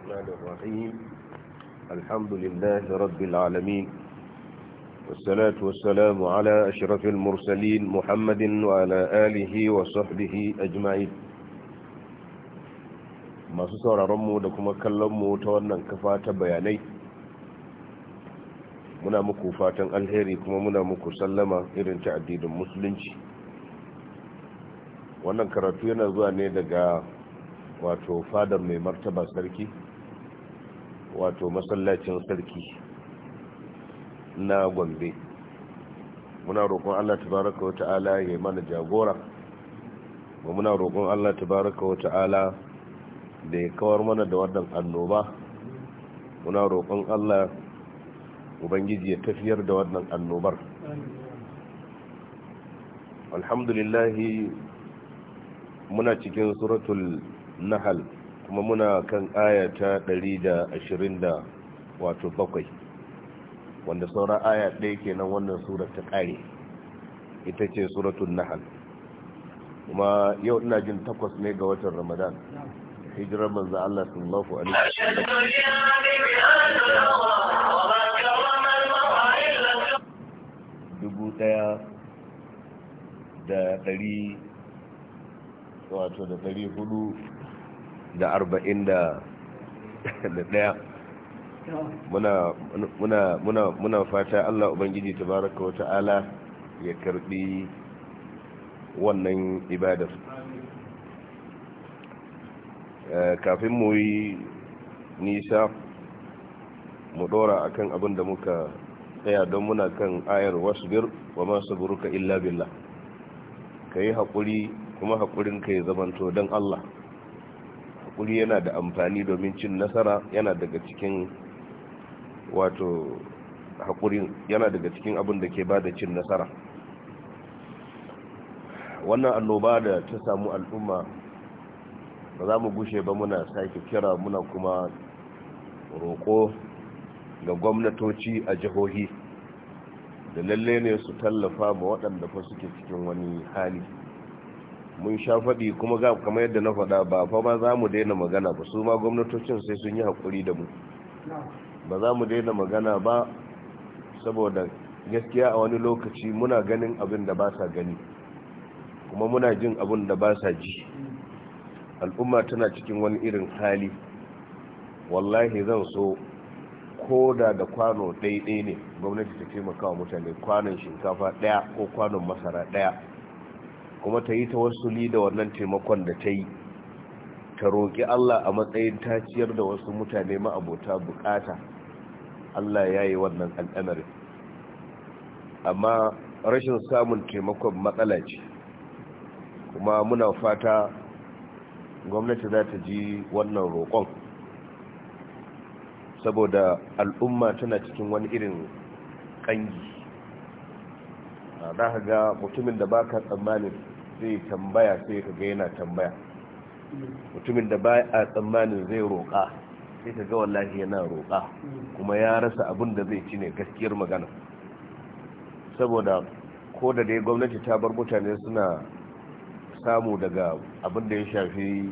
الرحمن الرحيم الحمد لله رب العالمين والصلاة والسلام على أشرف المرسلين محمد وعلى آله وصحبه أجمعين masu sauraronmu da kuma kallonmu ta wannan kafa ta bayanai muna muku fatan alheri kuma muna muku sallama irin ta addinin musulunci wannan karatu yana zuwa ne daga wato fadar mai martaba sarki wato masallacin sarki na gombe muna roƙon allah tabaraka wa ta'ala ya mana jagora ba muna roƙon allah tabaraka wa ta'ala da ya kawar mana da wannan annoba muna roƙon allah ubangiji ya tafiyar da wannan annobar alhamdulillahi muna cikin suratul nahal kuma muna kan aya ta da wato bakwai wanda saura aya ɗaya kenan wannan sura ta ƙare ita ce suratun nahal kuma yau ina jin takwas ne ga watan ramadan hijirar manzo Allah sun lafi wasallam dubu daya da dari wato da dari hudu da arba'in da ɗaya muna fata Allah Ubangiji tabaraka wa ta'ala ya karbi wannan ibadar eh, kafin mu yi nisa mu dora akan abin da muka tsaya don muna kan ayar wasu bir wa masu buruka illa billah ka yi haƙuri kuma haƙurin ka ya zamanto don Allah haƙuri yana da amfani domin cin nasara yana daga cikin wato yana daga cikin abin da ke bada cin nasara wannan annoba da ta samu al'umma ba za mu gushe ba muna sake kira muna kuma roƙo ga gwamnatoci a jihohi da lalle ne su tallafa ma waɗanda fa suke cikin wani hali mun sha faɗi kuma ga kamar yadda na faɗa ba fa ba za mu daina magana ba su ma gwamnatocin sai sun yi haƙuri da mu ba za mu daina magana ba saboda gaskiya a wani lokaci muna ganin abin da ba sa gani kuma muna jin abin da ba sa ji al'umma tana cikin wani irin hali wallahi zan so ko da da kwano ɗaiɗai ne gwamnati ta taimaka wa mutane kwanon shinkafa ɗaya ko kwanon masara ɗaya kuma ta yi ta wasuli da wannan taimakon da ta yi ta roƙi Allah a matsayin ta ciyar da wasu mutane ma'abota bukata Allah ya yi wannan al'amarin amma rashin samun taimakon matsala ce kuma muna fata gwamnati za ta ji wannan roƙon saboda al'umma tana cikin wani irin ƙangi za ga mutumin da ba ka tsammanin zai tambaya sai ka ga yana tambaya mutumin da ba a tsammanin zai roƙa sai ka ga wallahi yana roƙa kuma ya rasa abin da zai ci ne gaskiyar magana saboda ko da dai gwamnati ta bar mutane suna samu daga abin da ya shafi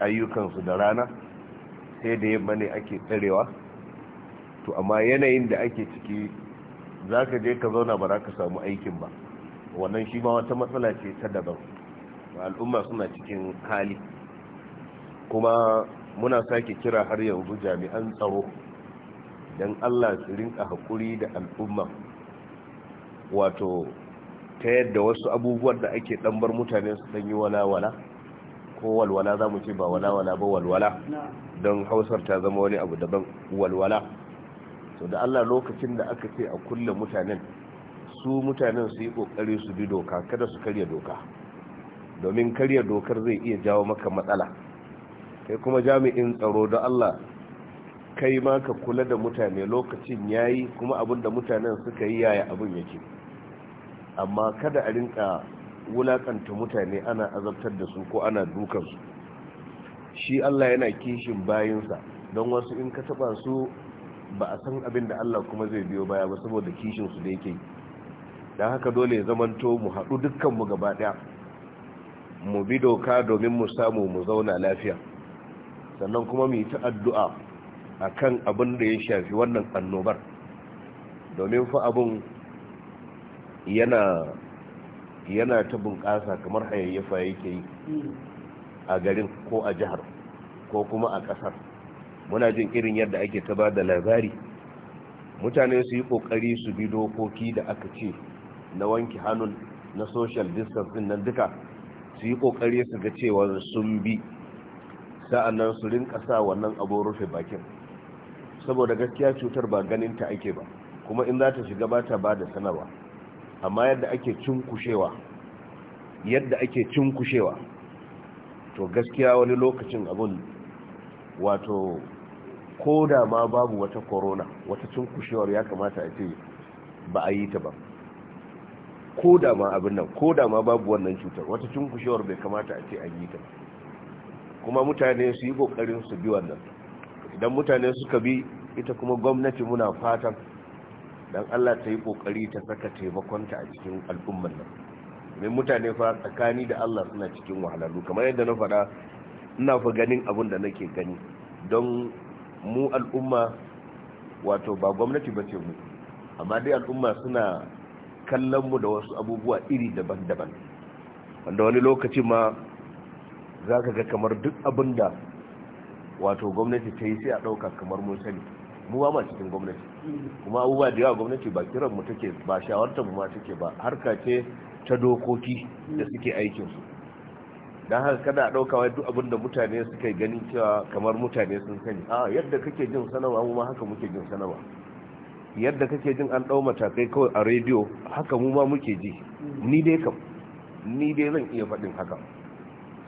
ayyukansu da rana sai da yamma ne ake tsarewa to amma yanayin da ake ciki za ka je ka zauna ba za ka samu aikin ba wannan shi ba wata matsala ce ta daban al'umma suna cikin hali kuma muna sake kira har yanzu jami'an tsaro don allah su rinka haƙuri da al'umma wato ta yadda wasu abubuwan da ake ɗanbar mutane su ɗanyi wala ko walwala za mu ce ba wala ba walwala don hausar ta zama wani abu daban walwala so da allah lokacin da aka ce a kulle mutanen su mutanen su yi kokari su bi doka kada su karya doka domin karya dokar zai iya jawo maka matsala kai kuma jami'in tsaro da Allah kai ma ka kula da mutane lokacin yayi kuma abin da mutanen suka yi yaya abin yake amma kada a rinka wulakanta mutane ana azabtar da su ko ana dukansu shi Allah yana kishin bayinsa don wasu in ka taba su ba a san abin da Allah kuma zai biyo baya ba saboda kishin su da yake yi don haka dole ya zamanto mu haɗu dukkanmu gaba ɗaya mu bi doka domin mu samu mu zauna lafiya sannan kuma mu yi ta addu'a a kan abin da ya shafi wannan annobar domin fa abin yana yana ta bunƙasa kamar hayayyafa yake yi a garin ko a jihar ko kuma a ƙasar muna jin irin yadda ake ta ba da labari mutane su yi ƙoƙari su bi dokoki da aka ce na wanki hannun na social distancing nan duka su yi kokari su ga cewa sun bi sa'annan su rinka sa wannan abin rufe bakin saboda gaskiya cutar ba ganin ta ake ba kuma in za ta shiga ba ta ba da sanarwa amma yadda ake cinkushewa yadda ake cinkushewa to gaskiya wani lokacin abun wato ko da ma babu wata corona wata cinkushewar ya kamata a ce ba a yi ta ba ko da ma abin nan ko da ma babu wannan cutar wata cunkushewar bai kamata a ce an yi ta kuma mutane su yi kokarin su bi wannan idan mutane suka bi ita kuma gwamnati muna fatan dan Allah ta yi kokari ta saka taimakonta a cikin al'ummar nan mai mutane fa tsakani da Allah suna cikin wahalalu kamar yadda na faɗa ina fa ganin abin da nake gani don mu al'umma wato ba gwamnati ba ce mu amma dai al'umma suna kallon mu da wasu abubuwa iri daban-daban wanda wani lokaci ma za ka ga kamar duk abin da wato gwamnati ta yi sai a ɗauka kamar mun sani mu ba ma cikin gwamnati kuma abubuwa da yawa gwamnati ba kiran mu take ba shawartar mu ma take ba harka ce ta dokoki da suke aikinsu don haka kada a ɗauka wai duk abin da mutane suka ganin cewa kamar mutane sun sani a yadda kake jin sanarwa mu ma haka muke jin sanarwa yadda kake jin an ɗau matakai kawai a rediyo haka mu ma muke ji ni dai kam ni dai zan iya faɗin haka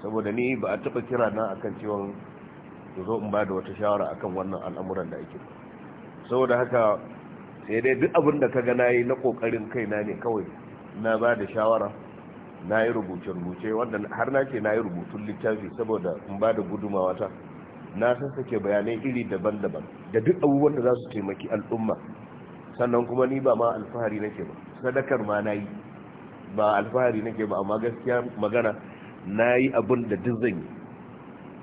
saboda ni ba a taɓa kira na akan ciwon zo in ba da wata shawara akan wannan al'amuran da ake saboda haka sai dai duk abin da ka gana yi na ƙoƙarin kaina ne kawai na ba da shawara na yi rubuce-rubuce wanda har na ce na yi rubutun littafi saboda in ba da gudumawa ta na ke bayanai iri daban-daban da duk abubuwan da za su taimaki al'umma sannan kuma ni ba ma alfahari nake ba sadakar ma nayi yi ba alfahari nake ba amma gaskiya magana nayi yi abin da duk zan yi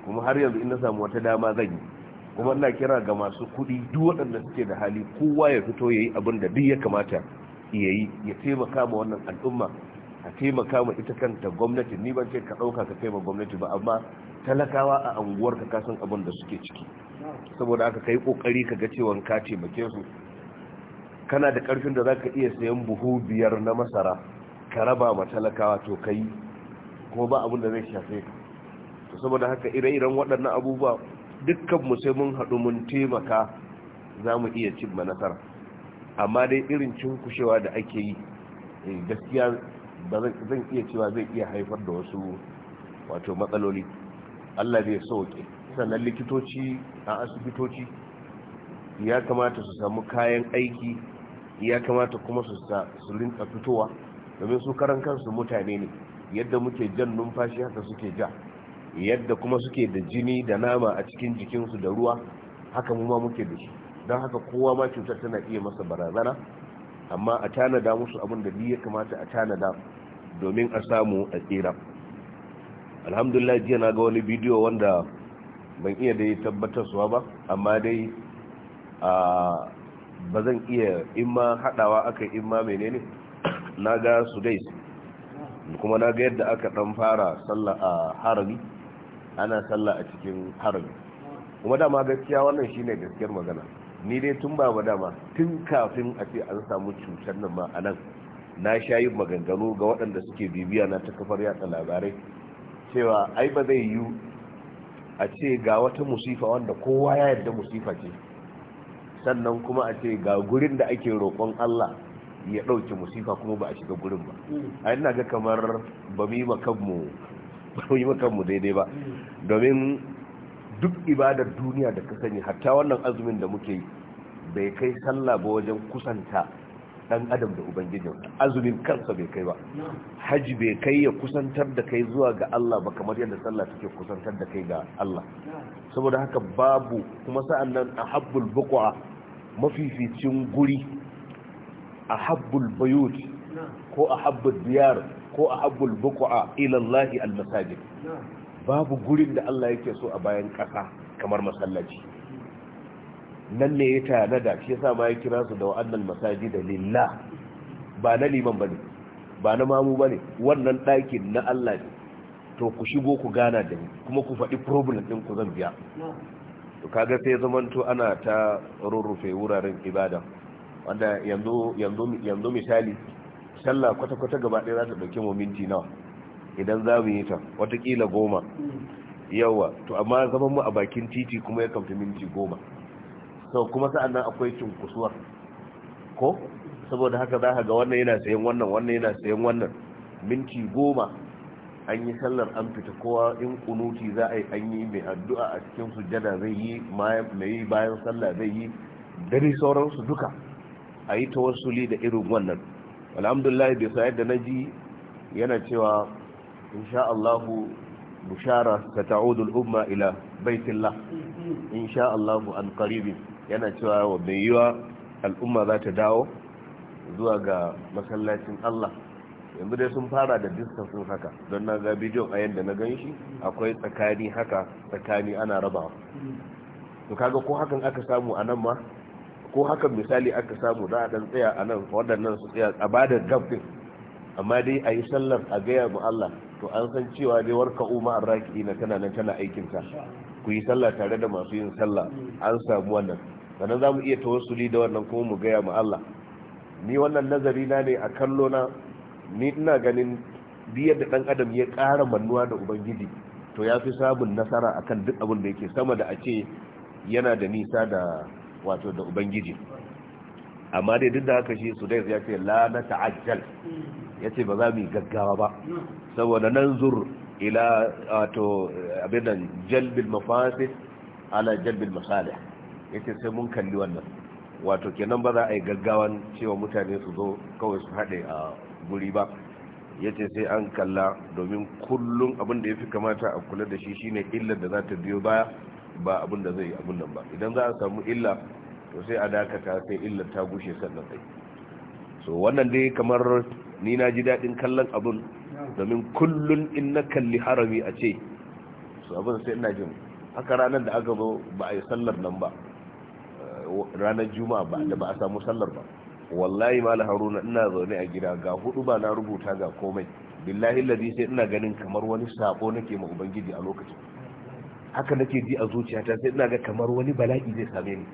kuma har yanzu ina na samu wata dama zan yi kuma ina kira ga masu kuɗi duk waɗanda suke da hali kowa ya fito ya yi abin da duk ya kamata ya yi ya taimaka ma wannan al'umma a taimaka ma ita kanta gwamnati ni ban ce ka ɗauka ka taimaka gwamnati ba amma talakawa a anguwar ka kasan abin da suke ciki saboda aka kai kokari ka ga cewa ka taimake su kana da karfin da za ka iya sayan buhu biyar na masara ka raba ma talakawa to kai kuma ba abin da zai shafe ka to saboda haka ire-iren waɗannan abubuwa dukkan mu sai mun haɗu mun taimaka za mu iya cin nasara amma dai irin kushewa da ake yi eh, gaskiya zan iya cewa zai iya haifar da wasu wato matsaloli allah zai sauke sannan likitoci a asibitoci ya kamata su samu kayan aiki ya kamata kuma su su rinka fitowa domin su karan kansu mutane ne yadda muke jan numfashi haka suke ja yadda kuma suke da jini da nama a cikin jikinsu da ruwa haka mu ma muke da shi don haka kowa ma cutar tana iya masa barazana amma a tanada musu abin da ya kamata a tanada domin a samu a tsira alhamdulillah jiya na ga wani bidiyo wanda ban iya da tabbatarsuwa ba amma dai a ah, ba zan iya in ma haɗawa aka in ma menene na ga su dai kuma na ga yadda aka ɗan fara sallah a harami ana sallah a cikin harami kuma dama gaskiya wannan shine gaskiyar magana ni dai tun ba ba dama tun kafin a ce an samu cutar nan ma a nan na sha yin maganganu ga waɗanda suke bibiya na ta kafar yatsa labarai cewa ai ba zai yiwu a ce ga wata musifa wanda kowa ya yarda musifa ce sannan kuma a ce ga gurin da ake roƙon Allah ya ɗauke musifa kuma ba a shiga gurin ba mm. a yana ga kamar ba mu yi makamu daidai ba domin duk ibadar duniya da ka sani hatta wannan azumin da muke yi bai kai sallah ba wajen kusanta ɗan adam da ubangijin azumin kansa bai kai ba mm. Hajji bai kai ya kusantar da kai zuwa ga Allah ba kamar yadda sallah take kusantar da kai ga Allah mm. saboda haka babu kuma sa'an nan a habbul bukwa mafificin guri a habbul bayut ko a habbul biyar ko a habbul bukwa ilallahi almasajid babu gurin da Allah yake so a bayan ƙasa kamar masallaci nan ne ya da shi sa ma ya kira su da wa'annan masajid da lillah ba na liman ne ba na mamu ne wannan ɗakin na Allah ne to ku shigo ku gana da ni kuma ku faɗi problem ɗin ku zan biya to kaga sai to ana ta rurrufe wuraren ibada wanda yanzu yanzu yanzu misali sallah kwata-kwata gaba ɗaya za ta ɗauke mu minti nawa idan za mu yi ta watakila goma yawa to amma zaman mu a bakin titi kuma ya kamfi minti goma so kuma sa'an nan akwai cunkusuwa ko saboda haka za ka ga wannan yana sayan wannan wannan yana sayan wannan minti goma an yi sallar an fita kowa in kunuti za a yi an yi mai addu'a a cikin sujjada zai yi mai bayan sallah zai yi dare sauransu duka a yi ta tawassuli da irin wannan alhamdulillah bai sa yadda na ji yana cewa insha Allahu bushara ta ta'udul umma ila baitillah insha Allahu an qaribin yana cewa wa mai yiwa al'umma za ta dawo zuwa ga masallacin Allah yanzu dai sun fara da diska sun haka don na ga bidiyon a yadda na gan shi akwai tsakani haka tsakani ana rabawa to kaga ko hakan aka samu a nan ma ko hakan misali aka samu za a dan tsaya a nan waɗannan su tsaya a ba da gafin amma dai a yi sallar a gaya mu Allah to an san cewa dai warka umar raki na tana nan tana ta ku yi sallah tare da masu yin sallah an samu wannan sannan za mu iya tawassuli da wannan kuma mu gaya mu Allah ni wannan nazari na ne a kallo na ni ina ganin biyar da ɗan adam ya ƙara mannuwa da ubangiji to ya fi samun nasara akan duk abin da yake sama da a ce yana da nisa da wato da ubangiji amma dai duk da haka shi sudais ya ce la na ta'ajjal ya ce ba za mu yi gaggawa ba saboda nan zur ila wato abin nan jalbil mafasid ala jalbil masalih ce sai mun kalli wannan wato kenan ba za a yi gaggawan cewa mutane su zo kawai su haɗe a guri ba ya ce sai an kalla domin kullum abin da ya fi kamata a kula da shi shine illar da za ta biyo baya ba abin da zai abin nan ba idan za a samu illa to sai a dakata sai illar ta gushe sannan sai so wannan dai kamar ni na ji daɗin kallon abin domin kullum in na kalli harami a ce su abin sai ina jin haka ranar da aka zo ba a yi sallar nan ba eh, ranar juma'a ba da ba a samu sallar ba wallahi mala haruna ina zaune a gida ga hudu ba na rubuta ga komai billahi ladi sai ina ganin kamar wani sako nake ma ubangiji a lokacin haka nake ji a zuciyata sai ina ga kamar wani bala'i zai same ni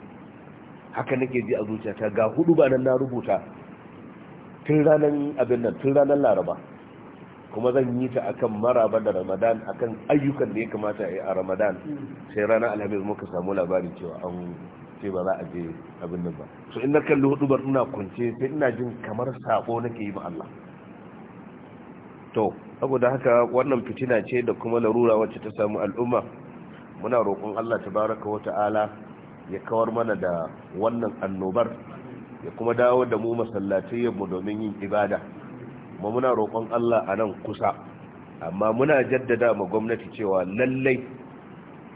haka nake ji a zuciyata ga hudu ba nan na rubuta tun ranar abin nan tun ranar laraba kuma zan yi ta akan maraba da ramadan akan ayyukan da ya kamata a yi a ramadan sai ranar alhamis muka samu labarin cewa an ce ba za a je abin nan ba so in na kalli bar ina kunce sai ina jin kamar sabo nake yi ma Allah to saboda haka wannan fitina ce da kuma larura wacce ta samu al'umma muna roƙon Allah tabaraka wa ta'ala ya kawar mana da wannan annobar ya kuma dawo da mu masallatai mu domin yin ibada kuma muna roƙon Allah a nan kusa amma muna jaddada ma gwamnati cewa lallai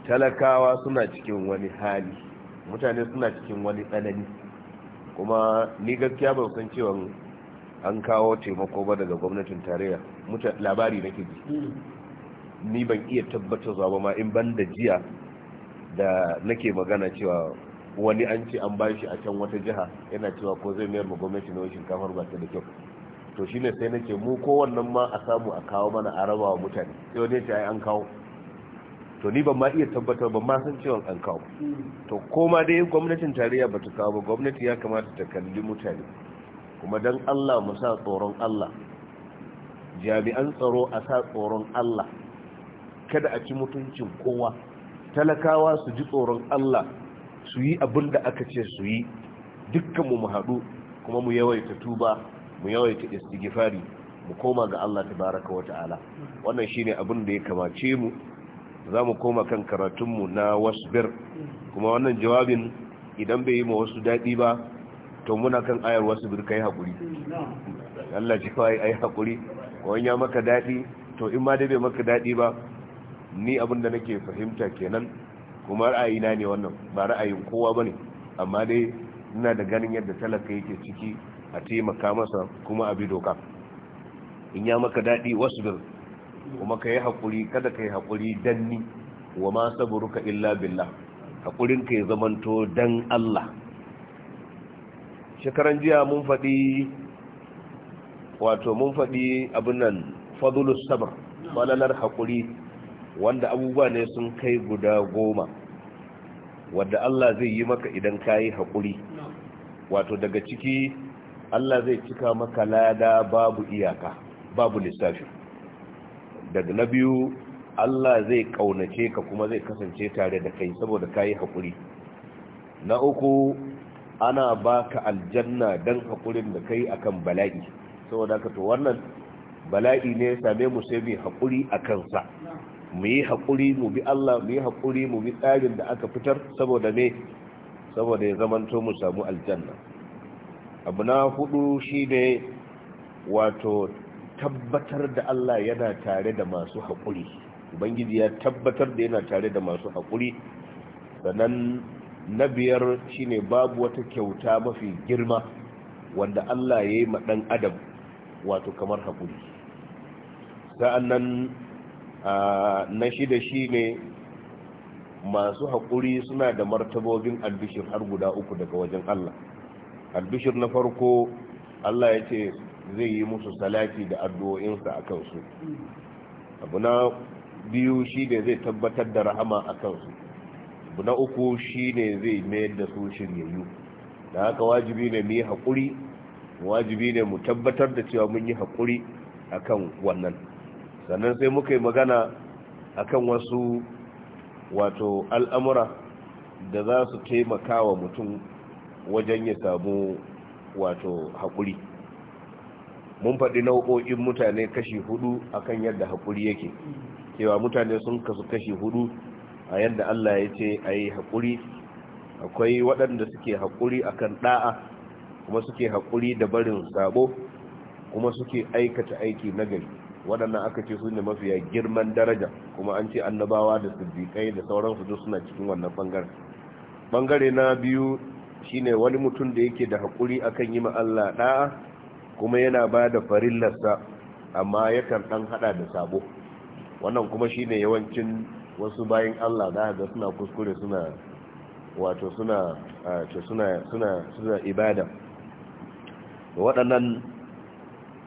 talakawa suna cikin wani hali mutane suna cikin wani tsanani kuma ni gaskiya ba san cewa an kawo taimako ba daga gwamnatin tarayya labari nake ji ni ban iya tabbatar zuwa ma in ban da jiya da nake magana cewa wani an ce an bashi a can wata jiha yana cewa ko zai mayar ma gwamnati na shinkafar ba ta da kyau to shine sai nake mu wannan ma a samu a kawo mana a rabawa mutane sai wani ai an kawo to ni ban ma iya tabbatar ban ma san cewa an kawo to koma dai gwamnatin tarayya ba ta kawo ba gwamnati ya kamata ta kalli mutane kuma dan allah mu sa tsoron allah jami'an tsaro a sa tsoron allah kada a ci mutuncin kowa talakawa su ji tsoron allah su yi abin da aka ce su yi dukkanmu mu haɗu kuma mu yawaita tuba mu yawaita istighfari mu koma ga allah tabaraka wa ta'ala wannan shine abin da ya kamace mu za mu koma kan karatunmu na wasbir kuma wannan jawabin idan bai yi ma wasu daɗi ba to muna kan ayar wasu bir kai haƙuri Allah ji kawai ai haƙuri ko ya maka daɗi to in ma dai bai maka daɗi ba ni abin da nake fahimta kenan kuma ra'ayina ne wannan ba ra'ayin kowa bane amma dai ina da ganin yadda talaka yake ciki a taimaka masa kuma a bi doka in ya maka daɗi wasbir kuma ka yi haƙuri kada ka yi haƙuri don ni wa ma ka illa billa haƙurin ka yi zamanto dan Allah shekaran jiya mun faɗi wato mun faɗi abin nan fadulus sabar malalar haƙuri wanda abubuwa ne sun kai guda goma wadda Allah zai yi maka idan ka yi haƙuri wato daga ciki Allah zai cika maka lada babu iyaka babu lissafi daga na biyu Allah zai kaunace ka kuma zai kasance tare da kai saboda kayi haƙuri. na uku ana baka aljanna dan haƙurin da kai akan bala'i saboda ka to wannan bala'i ne same mu sai mu haƙuri akan sa mu yi haƙuri mu bi Allah mu yi haƙuri mu bi tsarin da aka fitar saboda me saboda ya zamanto mu samu aljanna abu na hudu shine wato tabbatar da Allah yana tare da masu haƙuri ubangiji ya tabbatar da yana tare da masu haƙuri sannan na biyar shine babu wata kyauta mafi girma wanda Allah ya yi maɗan adam wato kamar haƙuri sa'annan na shida shine masu haƙuri suna da martabobin albishir har guda uku daga wajen Allah albishir na farko Allah ya ce zai yi musu salati da addu'o'insa a kansu abu na biyu shi ne zai tabbatar da rahama a kansu abu na uku shi ne zai mayar da su shiryayyu da haka wajibi ne mu yi haƙuri wajibi ne mu tabbatar da cewa mun yi haƙuri akan wannan sannan sai muka yi magana akan wasu wato al'amura da za su taimaka wa mutum wajen ya samu wato haƙuri mun faɗi nau'o'in mutane kashi hudu akan yadda haƙuri yake cewa mutane sun kasu kashi hudu a yadda Allah ya ce a yi haƙuri akwai waɗanda suke haƙuri akan ɗa'a kuma suke haƙuri da barin sabo kuma suke aikata aiki nagari waɗannan aka ce su ne mafiya girman daraja kuma an ce annabawa da siddiƙai da sauransu duk suna cikin wannan ɓangare ɓangare na biyu shine wani mutum da yake da haƙuri akan yi ma Allah ɗa'a kuma yana ba da farillarsa amma yakan ɗan haɗa da sabo wannan kuma shi ne yawancin wasu bayan allah za ga suna kuskure suna wato suna suna suna suna ibada da waɗannan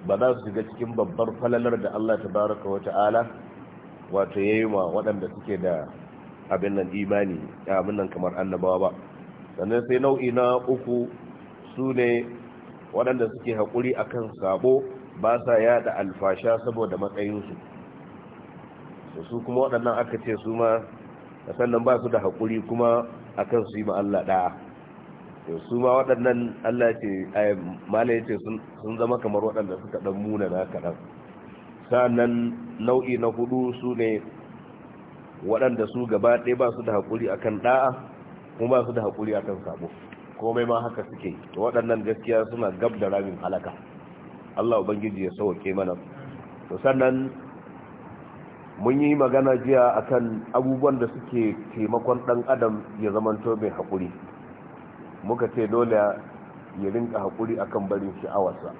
ba za su shiga cikin babbar falalar da allah ta baraka wa ta'ala wato ya yi ma waɗanda suke da abin nan imani abin nan kamar annabawa ba sannan sai nau'i na uku su ne waɗanda suke haƙuri akan sabo ba sa yada alfasha saboda matsayinsu su kuma waɗannan aka ce su ma sannan ba su da haƙuri kuma akan su yi ma Allah ɗaya su ma waɗannan Allah ce mala ya ce sun zama kamar waɗanda suka ɗan muna na kaɗan sa'annan nau'i na hudu su ne waɗanda su gaba ɗaya ba su da haƙuri akan ɗaya, kuma ba su da haƙuri akan sabo komai ma haka suke waɗannan gaskiya suna gab da ramin halaka Allah ubangiji ya sauke mana to sannan mun yi magana jiya akan abubuwan da suke taimakon dan adam ya zamanto mai hakuri muka ce dole ya rinka hakuri akan barin sha'awarsa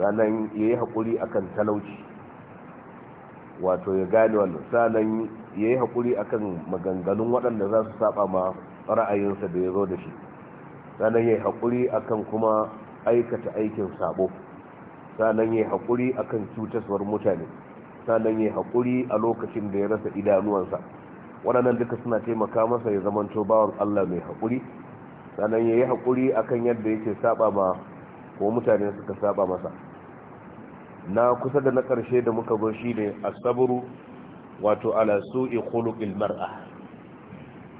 sannan ya yi hakuri akan talauci wato ya gane wannan sannan ya yi hakuri akan maganganun waɗanda za su saba ma ra'ayinsa da ya zo da shi sannan ya yi haƙuri akan kuma aikata aikin sabo sannan ya yi haƙuri akan cutaswar mutane sannan ya yi haƙuri a lokacin da ya rasa idanuwansa waɗannan duka suna taimaka masa ya zamanto bawan Allah mai haƙuri sannan ya yi haƙuri akan yadda yake saba ma ko mutane suka saba masa na kusa da na ƙarshe da muka bar shi ne asabru wato ala su'i khuluqil mar'a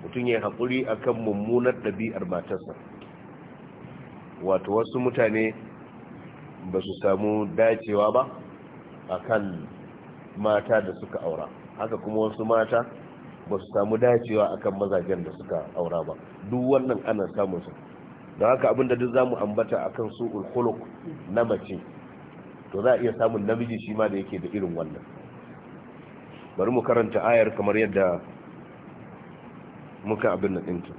mutum ya haƙuri akan mummunar ɗabi'ar matarsa wato wasu mutane ba su samu dacewa ba kan mata da suka aura haka kuma wasu mata ba su samu dacewa a kan mazajen da suka aura ba duk wannan ana samun su da haka abinda duk zamu ambata akan su khuluq na mace to za a iya samun namiji shi ma da yake da irin wannan bari mu karanta ayar kamar yadda muka abin nan ɗinta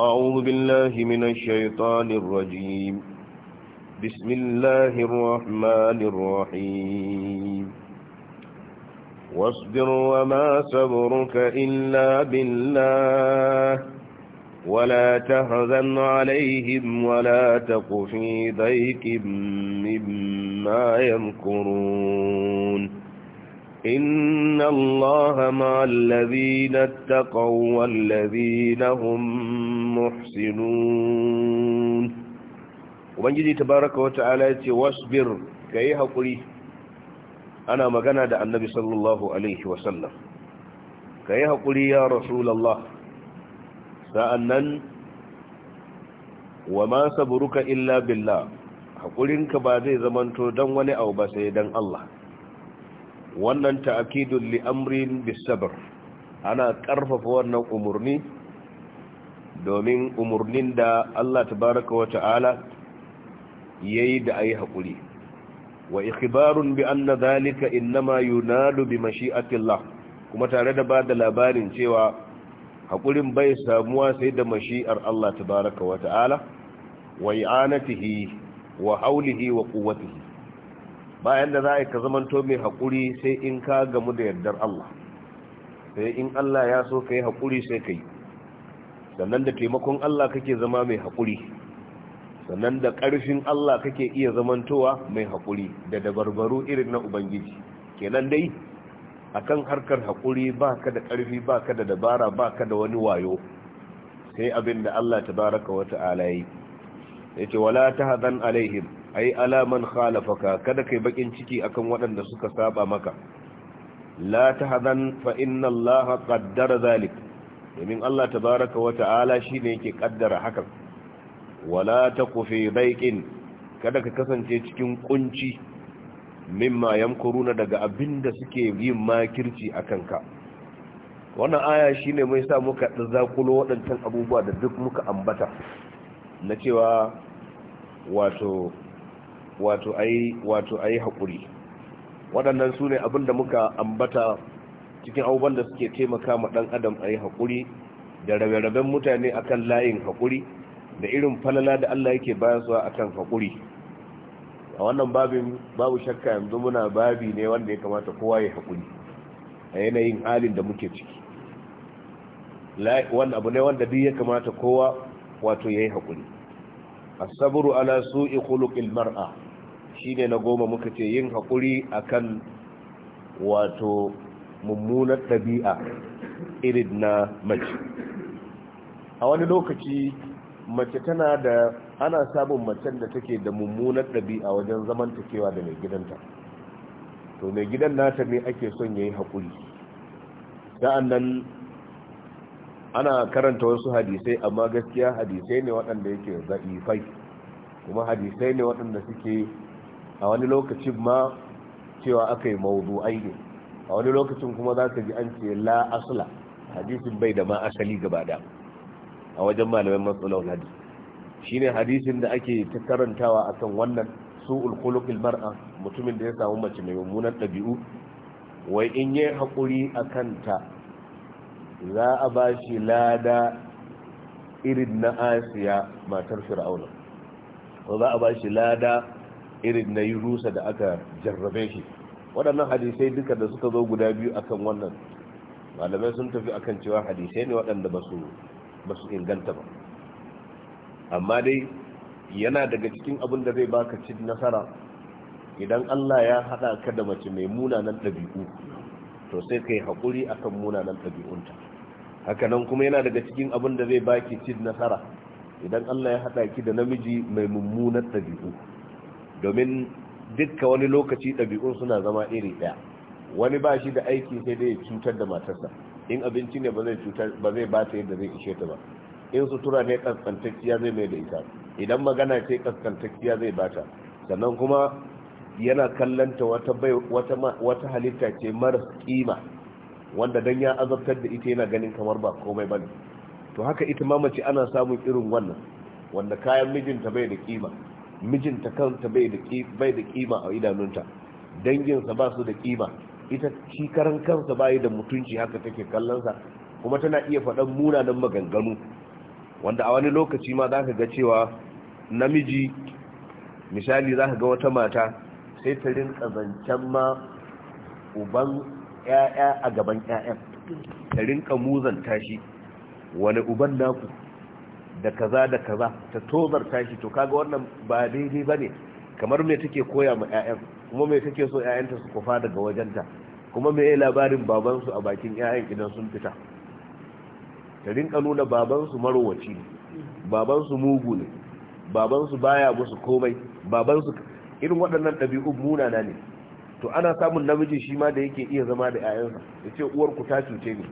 أعوذ بالله من الشيطان الرجيم بسم الله الرحمن الرحيم واصبر وما صبرك إلا بالله ولا تهزن عليهم ولا تقفي في مما يمكرون إن الله مع الذين اتقوا والذين هم محسنون وبنجي تبارك وتعالى واصبر كي حقري أنا مغنى دع النبي صلى الله عليه وسلم كي حقري يا رسول الله سأنن وما صبرك إلا بالله حقرينك بعد زمن تودن وني أو بسيدن الله wannan ta'akidun li'amrin bisabar ana ƙarfafa wannan umarni domin umarnin da Allah tabaraka wa ta'ala yayi da ayi haƙuri wa ikhbarun bi anna zalika innama yunalu bi mashi'atillah kuma tare da ba da labarin cewa haƙurin bai samuwa sai da mashi'ar Allah tabaraka wa ta'ala wa wa haulihi wa quwwatihi bayan da za a yi ka zamanto mai haƙuri sai in ka gamu da yardar Allah sai in Allah ya so ka yi haƙuri sai ka yi sannan da taimakon Allah kake zama mai haƙuri sannan da ƙarfin Allah kake iya zamantowa mai haƙuri da dabarbaru irin na Ubangiji kenan dai A kan harkar haƙuri ba ka da ƙarfi ba ka da dabara ba ka da wani wayo sai abin da Allah ta baraka wata alayi ya ce wala ta hazan alaihim ai alaman khalafaka kada kai bakin ciki akan waɗanda suka saba maka la tahzan fa inna Allah qaddara zalik domin Allah tabaaraka wa ta'ala shine yake kaddara haka wala taqu fi kada ka kasance cikin kunci mimma yamkuruna daga abinda suke yin makirci akan ka wannan aya shine mai sa muka zakulo waɗancan abubuwa da duk muka ambata na cewa wato wato ayi wato ayi hakuri waɗannan su ne abinda da muka ambata cikin abubuwan da suke taimaka ma ɗan adam yi hakuri da rabe-raben mutane akan layin hakuri da irin falala da Allah yake su akan hakuri a wannan babin babu shakka yanzu muna babi ne wanda ya kamata kowa ya hakuri a yanayin halin da muke ciki wannan abu ne wanda duk ya kamata kowa wato yayi hakuri as-sabru ala su'i khuluqil mar'a shine na goma muka ce yin haƙuri kan wato mummunar ɗabi'a irin na mace a wani lokaci mace tana da ana samun macen da take da mummunar ɗabi'a wajen zaman takewa da mai gidanta to mai gidan nata ne ake son ya yi haƙuri sa'an nan ana karanta wasu hadisai amma gaskiya hadisai ne waɗanda yake za'ifai kuma hadisai ne waɗanda suke a wani lokacin ma cewa aka yi mawudu ne a wani lokacin kuma za ka ji an ce la asula hadisin bai da ma asali gaba a wajen malamin matsalar hadis shi ne hadisin da ake ta karantawa akan wannan su ulkulukul mar'a mutumin da ya samu mace mai mummunan ɗabi'u wai in yi haƙuri a kanta za a ba shi lada irin na asiya matar fir'auna ko za a ba shi lada irin na yi rusa da aka jarrabe shi waɗannan hadisai duka da suka zo guda biyu akan wannan malamai sun tafi akan cewa hadisai ne waɗanda ba su inganta ba amma dai yana daga cikin abin da zai baka cin nasara idan Allah ya haɗa ka da mace mai munanan ɗabi'u to sai ka yi haƙuri kan munanan ɗabi'unta hakanan kuma yana daga cikin abin da zai baki cin nasara idan Allah ya haɗa ki da namiji mai mummunan ɗabi'u domin dukka wani lokaci ɗabi'un suna zama iri ɗaya wani ba shi da aiki sai dai cutar da matarsa in abinci ne ba zai ba ta yadda zai ishe ta ba in sutura ne kaskantacciya zai mai da ita idan magana ce kaskantacciya zai ba ta, sannan kuma yana kallanta wata halitta ce mara kima wanda don ya azabtar da ita yana ganin kamar ba komai ba ne, to haka ita mamaci ana samun irin wannan wanda kayan mijinta bai da ƙima. mijinta kanta bai da kima a idanunta danginsa ba su da kima ita shi kansa bai da mutunci haka take kallon sa kuma tana iya faɗan munanan maganganu wanda a wani lokaci ma za ka ga cewa namiji misali za ka ga wata mata sai ta rinka zancen ma uban 'ya'ya a gaban 'ya'ya, ta rinka muzanta shi wani uban naku da kaza da kaza ta tozar shi to kaga wannan ba daidai ba ne kamar me take koya ma 'ya'yan kuma me take so 'ya'yanta su kufa daga wajenta kuma me ya labarin baban su a bakin 'ya'yan idan sun fita ta rinka nuna baban su marowaci ne su mugu ne baban su baya musu komai baban su irin waɗannan ɗabi'un na ne to ana samun namiji shi ma da yake iya zama da 'ya'yansa ya ce ku ta cuce ni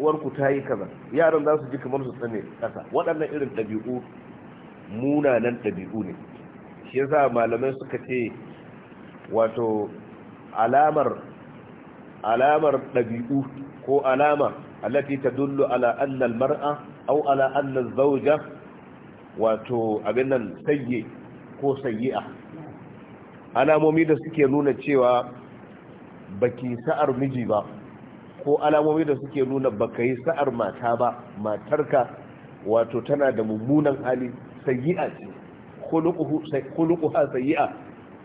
uwarku ta yi kaza yaran za su ji kamar su tsane kasa waɗannan irin ɗabi'u munanan ɗabi'u ne shi yasa malamai suka ce wato alamar alamar ɗabi'u ko alama allati dullu ala annal mar'a aw ala annal zawja wato abin nan sayye ko sayyi'a alamomi da suke nuna cewa baki sa'ar miji ba ko alamomi da suke nuna baka yi sa'ar mata ba matarka wato tana da mummunan hali sayi'a ce yi sayi'a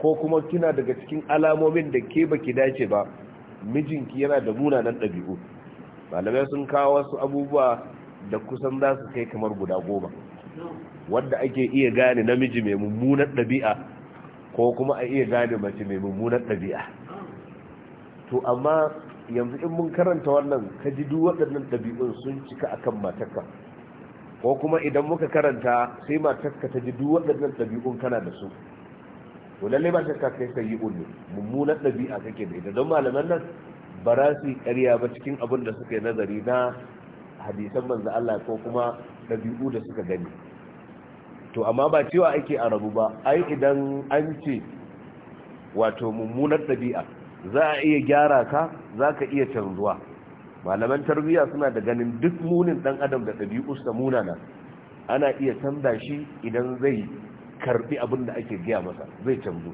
ko kuma kina daga cikin alamomin da ke baki dace ba mijinki yana da munanan ɗabi'u malamai sun kawo wasu abubuwa da kusan za su kai kamar guda goma wadda ake iya gane namiji mai mummunan ɗabi'a ko kuma a iya gane mace mai mummunan ɗabi'a to amma yanzu in mun karanta wannan ka ji duk waɗannan ɗabi'un sun cika a kan matarka ko kuma idan muka karanta sai matarka ta ji duk waɗannan ɗabi'un kana da su to lalle ba shakka kai sai yi ulu mummunan ɗabi'a kake da ita don malaman nan ba za su yi ƙarya ba cikin abin da suka yi nazari na hadisan manzo Allah ko kuma ɗabi'u da suka gani to amma ba cewa ake rabu ba ai idan an ce wato mummunar ɗabi'a za a iya gyara ka za ka iya canzuwa malaman tarbiyya suna da ganin duk munin dan adam da ɗabi'usta munana ana iya canza shi idan zai karbi abin da ake gaya masa zai canzu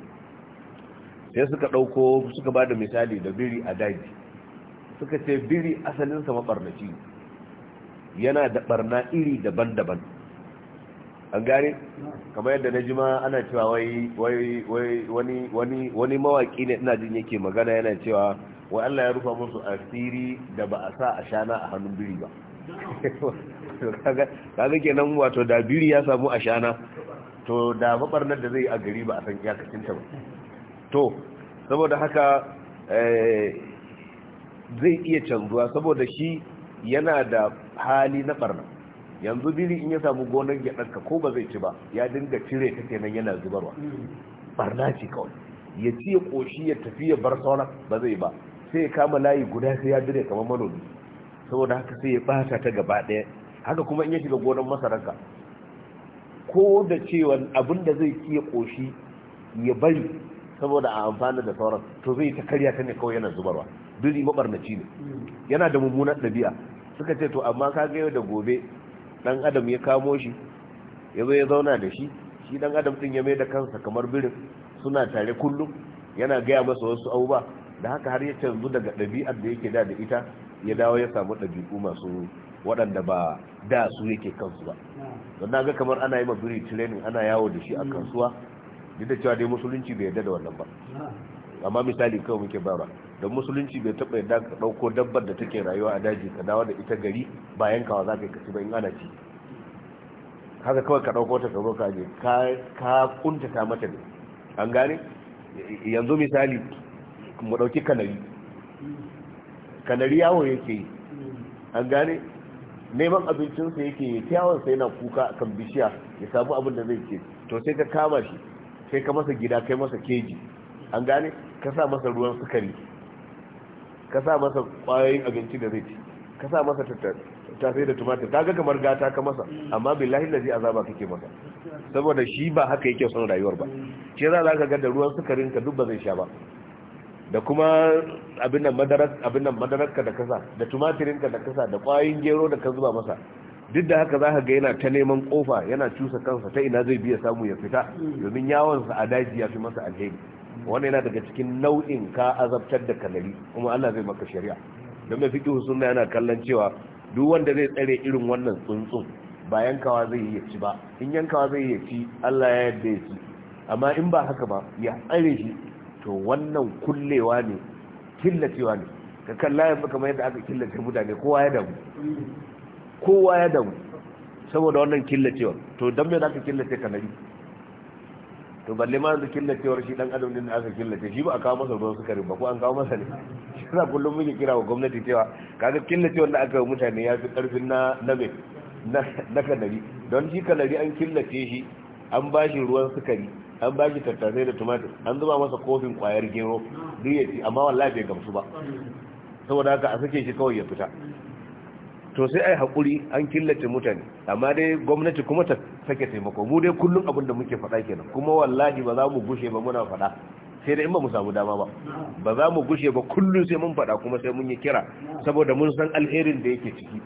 sai suka ɗauko suka ba da misali da biri a daji suka ce biri asalinsa maɓarnaci yana da ɓarna iri daban-daban an gane kamar yadda na jima ana cewa wai wani mawaki ne ina jin yake magana yana cewa wai Allah ya rufa musu asiri da ba a sa a shana a hannun biri ba kaga kenan wato da biri ya samu a shana to da mabarnar da zai a gari ba a san ta ba to saboda haka eh, zai iya canzuwa saboda shi yana da hali na barna yanzu biri in ya samu gonar gyaɗarka ko ba zai ci ba ya dinga cire ta kenan yana zubarwa barna ce kawai ya ci ya ƙoshi ya tafi ya bar sauran ba zai ba sai ya kama layi guda sai ya dire kamar manomi saboda haka sai ya ɓata ta gaba ɗaya haka kuma in ya shiga gonar masaranka ko da cewa abin da zai ci ya ƙoshi ya bari saboda a amfani da sauran to zai ta karya ta ne kawai yana zubarwa biri mabarnaci ne yana da mummunan ɗabi'a suka ce to amma ka ga yau da gobe dan adam ya kamo shi ya zo ya zauna da shi shi dan adam din ya mai da kansa kamar birin suna tare kullum yana gaya masa wasu abubuwa da haka har ya canzu daga ɗabi'ar da yake da da ita ya dawo ya samu ɗabi'u masu waɗanda ba da su yake kansu ba don na ga kamar ana yi ma biri training ana yawo da shi a kasuwa duk da cewa dai musulunci bai yarda da wannan ba amma misali kawai muke bara da musulunci bai taɓa yadda ka ɗauko dabbar da take rayuwa a daji ka dawo da ita gari ba yankawa za ka yi kasu ba ana ci haka kawai ka ɗauko ta kabo ka je ka ta mata ne an gane yanzu misali mu ɗauki kanari kanari yawo yake yi an gane neman abincinsa yake yi sai yana kuka a kan bishiya ya samu abin da zai ce to sai ka kama shi sai ka masa gida kai masa keji an gane ka sa masa ruwan sukari ka sa masa kwayoyin abinci da zai ci ka sa masa tattasai da tumatir ga kamar gata ka masa amma billahi lazi azaba kake masa saboda shi ba haka yake son rayuwar ba shi za zaka ga da ruwan sukarin ka duk ba zai sha ba da kuma abin nan madarar ka da kasa da tumatirin ka da kasa da kwayoyin gero da ka zuba masa duk da haka zaka ga yana ta neman kofa yana cusa kansa ta ina zai biya samu ya fita domin yawon sa a daji ya fi masa alheri wannan yana daga cikin nau'in ka azabtar da kanari kuma Allah zai maka shari'a don mai fikihu sunna yana kallon cewa duk wanda zai tsare irin wannan tsuntsun ba yankawa zai yi ci ba in yankawa zai yi ci Allah ya yadda ya ci amma in ba haka ba ya tsare shi to wannan kullewa ne killacewa ne ka kalla fi kamar yadda aka killace mutane kowa ya damu kowa ya damu saboda wannan killacewa to don me za ka killace kanari to balle ma yanzu killacewar shi dan adam din da aka killace shi ba a kawo masa ruwan sukari ba ko an kawo masa ne shi za kullum muke kira wa gwamnati cewa kaga killacewar da aka yi mutane ya fi karfin na na me na kanari don shi kanari an killace shi an ba shi ruwan sukari an ba shi tattasai da tumatir an zuba masa kofin kwayar gero duk ya ci amma wallahi bai gamsu ba saboda haka a sake shi kawai ya fita to sai ai hakuri an killace mutane amma dai gwamnati kuma ta sake taimako mu dai kullum abin da muke faɗa kenan kuma wallahi ba za mu gushe ba muna faɗa sai da in ba mu samu dama ba ba za mu gushe ba kullum sai mun faɗa kuma sai mun yi kira saboda mun san alherin da yake ciki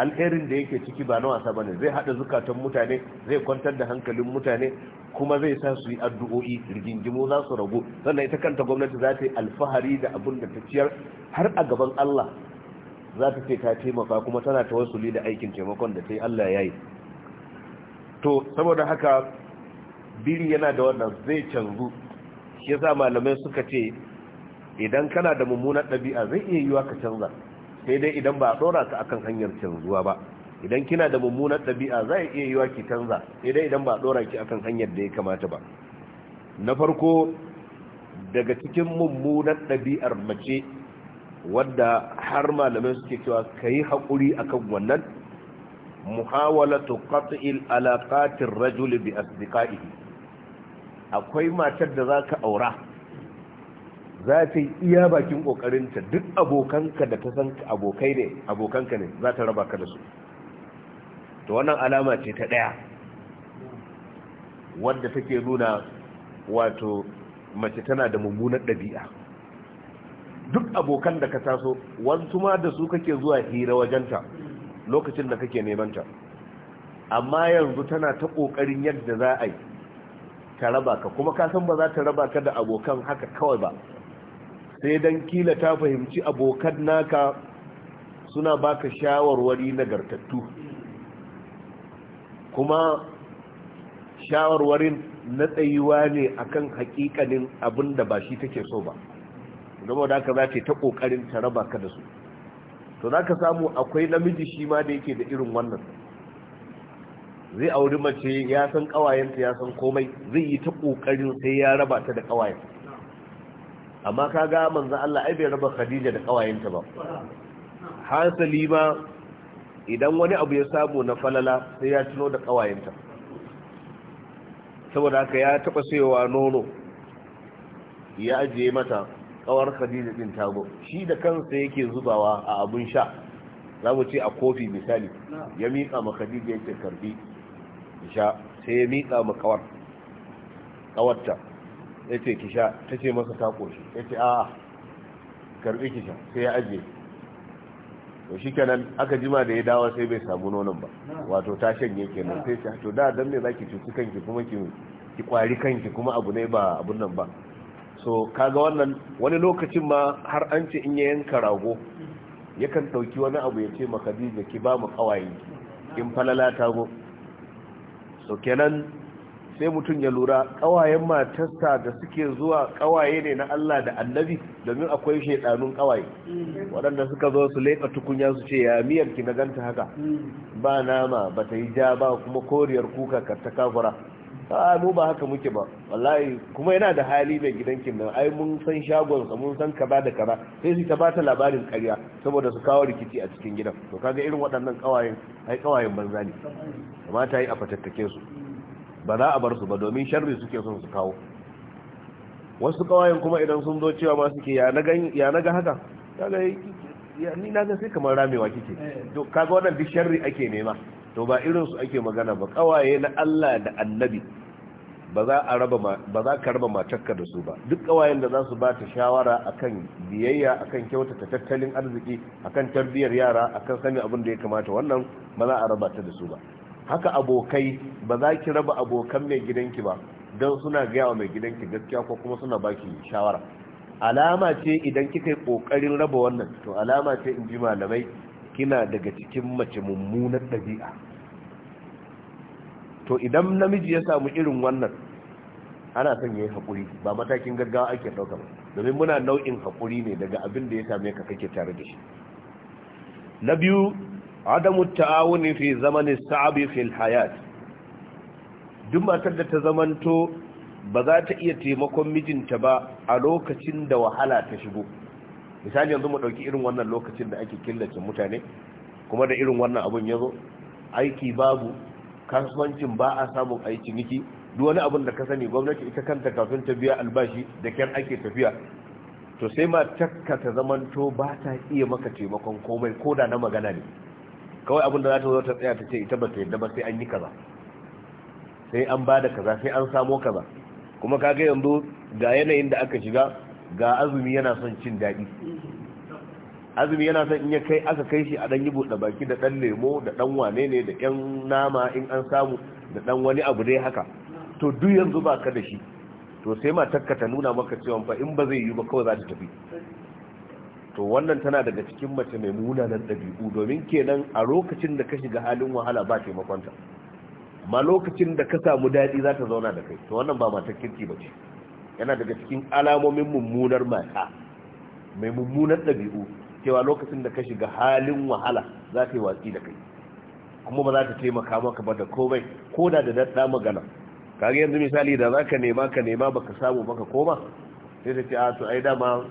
alherin da yake ciki ba na wasa bane zai hada zukatan mutane zai kwantar da hankalin mutane kuma zai sa su yi addu'o'i rigingimu za su ragu sannan ita kanta gwamnati za ta yi alfahari da abin da ta ciyar har a gaban Allah za ta ce ta taimaka kuma tana ta wasuli da aikin taimakon da sai Allah ya yi to saboda haka biri yana da wannan zai canzu shi sa malamai suka ce idan kana da mummunar ɗabi'a zai iya yiwa ka canza sai dai idan ba a ɗora ka akan hanyar canzuwa ba idan kina da mummunar ɗabi'a za a iya yiwa ki canza sai dai idan ba a ɗora ki akan hanyar da ya kamata ba na farko daga cikin mummunar ɗabi'ar mace wadda har malamai suke cewa ka yi haƙuri a kan wannan muhawala to muhawalatu il alaƙatin rajuli bi asdiqaihi akwai matar da za ka aura za ta yi iya bakin ƙoƙarinta duk abokanka da ta san abokai ne abokanka ne za ta raba ka da su to wannan alama ce ta ɗaya, wadda take nuna wato mace tana da mummunar ɗabi'a duk abokan da ka taso wasu ma da su kake zuwa hira wajenta lokacin da kake neman ta, amma yanzu tana ta ƙoƙarin yadda za a yi ta raba ka kuma ka san ba za ta raba ka da abokan haka kawai ba sai dan kila ta fahimci abokan naka suna baka shawarwari nagartattu kuma shawarwarin na tsayuwa ne akan hakikanin abin da ba shi take so ba saboda haka za ta ta kokarin ta raba ka da su to za ka samu akwai namiji shi ma da yake da irin wannan zai auri mace ya san ƙawayenta ya san komai zai yi ta kokarin sai ya raba ta da ƙawayen. amma ka ga manzan Allah ai bai raba Khadija da kawayenta ba hasali ma idan wani abu ya samu na falala sai ya tuno da kawayenta saboda haka ya taɓa sayowa nono ya ajiye mata kawar khadija din ta shi da kansa yake zubawa a abun sha za mu ce a kofi misali ya miƙa ma khadija yake karbi sha sai ya miƙa ma kawar kawarta ya ce ki sha ta ce masa ta ƙoshi ya ce a karbi ki sha sai ya ajiye to shi kenan aka jima da ya dawo sai bai samu nonon ba wato ta shanye kenan sai ce to da dan me zaki ci kanki kuma ki ki kwari kanki kuma abu ne ba abun nan ba so kaga wannan wani lokacin ma har an ce in ya yanka rago yakan ɗauki wani abu ya ce khadija ki ba mu kawaye in falala ta go so kenan sai mutum ya lura kawayen matarsa da suke zuwa kawaye ne na Allah da annabi domin akwai shaidanun kawaye waɗanda suka zo su leƙa tukunya su ce ya miyar ki na ganta haka hmm. ba nama ba ta yi ja ba kuma koriyar kuka ka ta kafura a mu ba haka muke ba wallahi kuma yana da hali mai gidankin nan ai mun san shagonsa mun san kaza da kaza sai su ta bata labarin ƙarya saboda su kawo rikici a cikin gidan to kaga irin waɗannan ƙawayen ai kawayen banza ne kamata yi a fatattake su ba za a bar su ba domin sharri suke son su kawo wasu ƙawayen kuma idan sun zo cewa ma suke ya na ga haka kaga ni na ga sai kamar ramewa kike eh. to kaga wannan bi sharri ake nema to ba irin su ake magana ba kawaye na Allah da annabi ba za a raba ba za ka raba matarka da su ba duk kawayen da za su ba ta shawara akan biyayya akan kyautata tattalin arziki akan tarbiyyar yara akan sanin abin da ya kamata wannan ba za a raba ta da su ba haka abokai ba za ki raba abokan mai gidanki ba don suna gaya wa mai gidanki gaskiya ko kuma suna baki shawara alama ce idan kika yi kokarin raba wannan to alama ce in ji malamai kina daga cikin mace mummunar ɗabi'a to idan namiji ya samu irin wannan ana son ya yi haƙuri ba matakin gaggawa ake ɗauka ba domin muna nau'in haƙuri ne daga abin da ya same ka kake tare da shi na biyu adamu ta'awuni fi zamanin sa'abi fil hayat duk matar da ta zamanto ba za ta iya taimakon mijinta ba a lokacin da wahala ta shigo misali yanzu mu ɗauki irin wannan lokacin da ake killace mutane kuma da irin wannan abun yazo aiki babu kasuwancin ba a samun aiki yi duk wani abun da ka sani gwamnati ita kanta kafin ta biya albashi da kyan ake tafiya to sai ma takka ta zamanto ba ta iya maka taimakon komai ko da na magana ne kawai abin da za ta zo ta tsaya ta ce ita ba ta yadda ba sai an yi kaza sai an ba da kaza sai an samo kaza kuma ka ga yanzu ga yanayin da aka shiga ga azumi yana son cin daɗi azumi yana son in ya kai aka kai shi a ɗan yi buɗe baki da ɗan lemo da ɗan wane ne da ƴan nama in an samu da ɗan wani abu dai haka to duk yanzu ba ka da shi to sai takka ta nuna maka cewa fa in ba zai yi ba kawai za ta tafi to wannan tana daga cikin mace mai munanan ɗabi'u domin kenan a lokacin da ka shiga halin wahala ba taimakonta amma lokacin da ka samu daɗi za ta zauna da kai to wannan ba matar kirki ba ce yana daga cikin alamomin mummunar mata mai mummunar ɗabi'u cewa lokacin da ka shiga halin wahala za ta yi watsi da kai kuma ba za ta taimaka maka ba da komai ko da da daɗa magana kare yanzu misali da za ka nema ka nema baka samu baka koma sai ta ce a to ai dama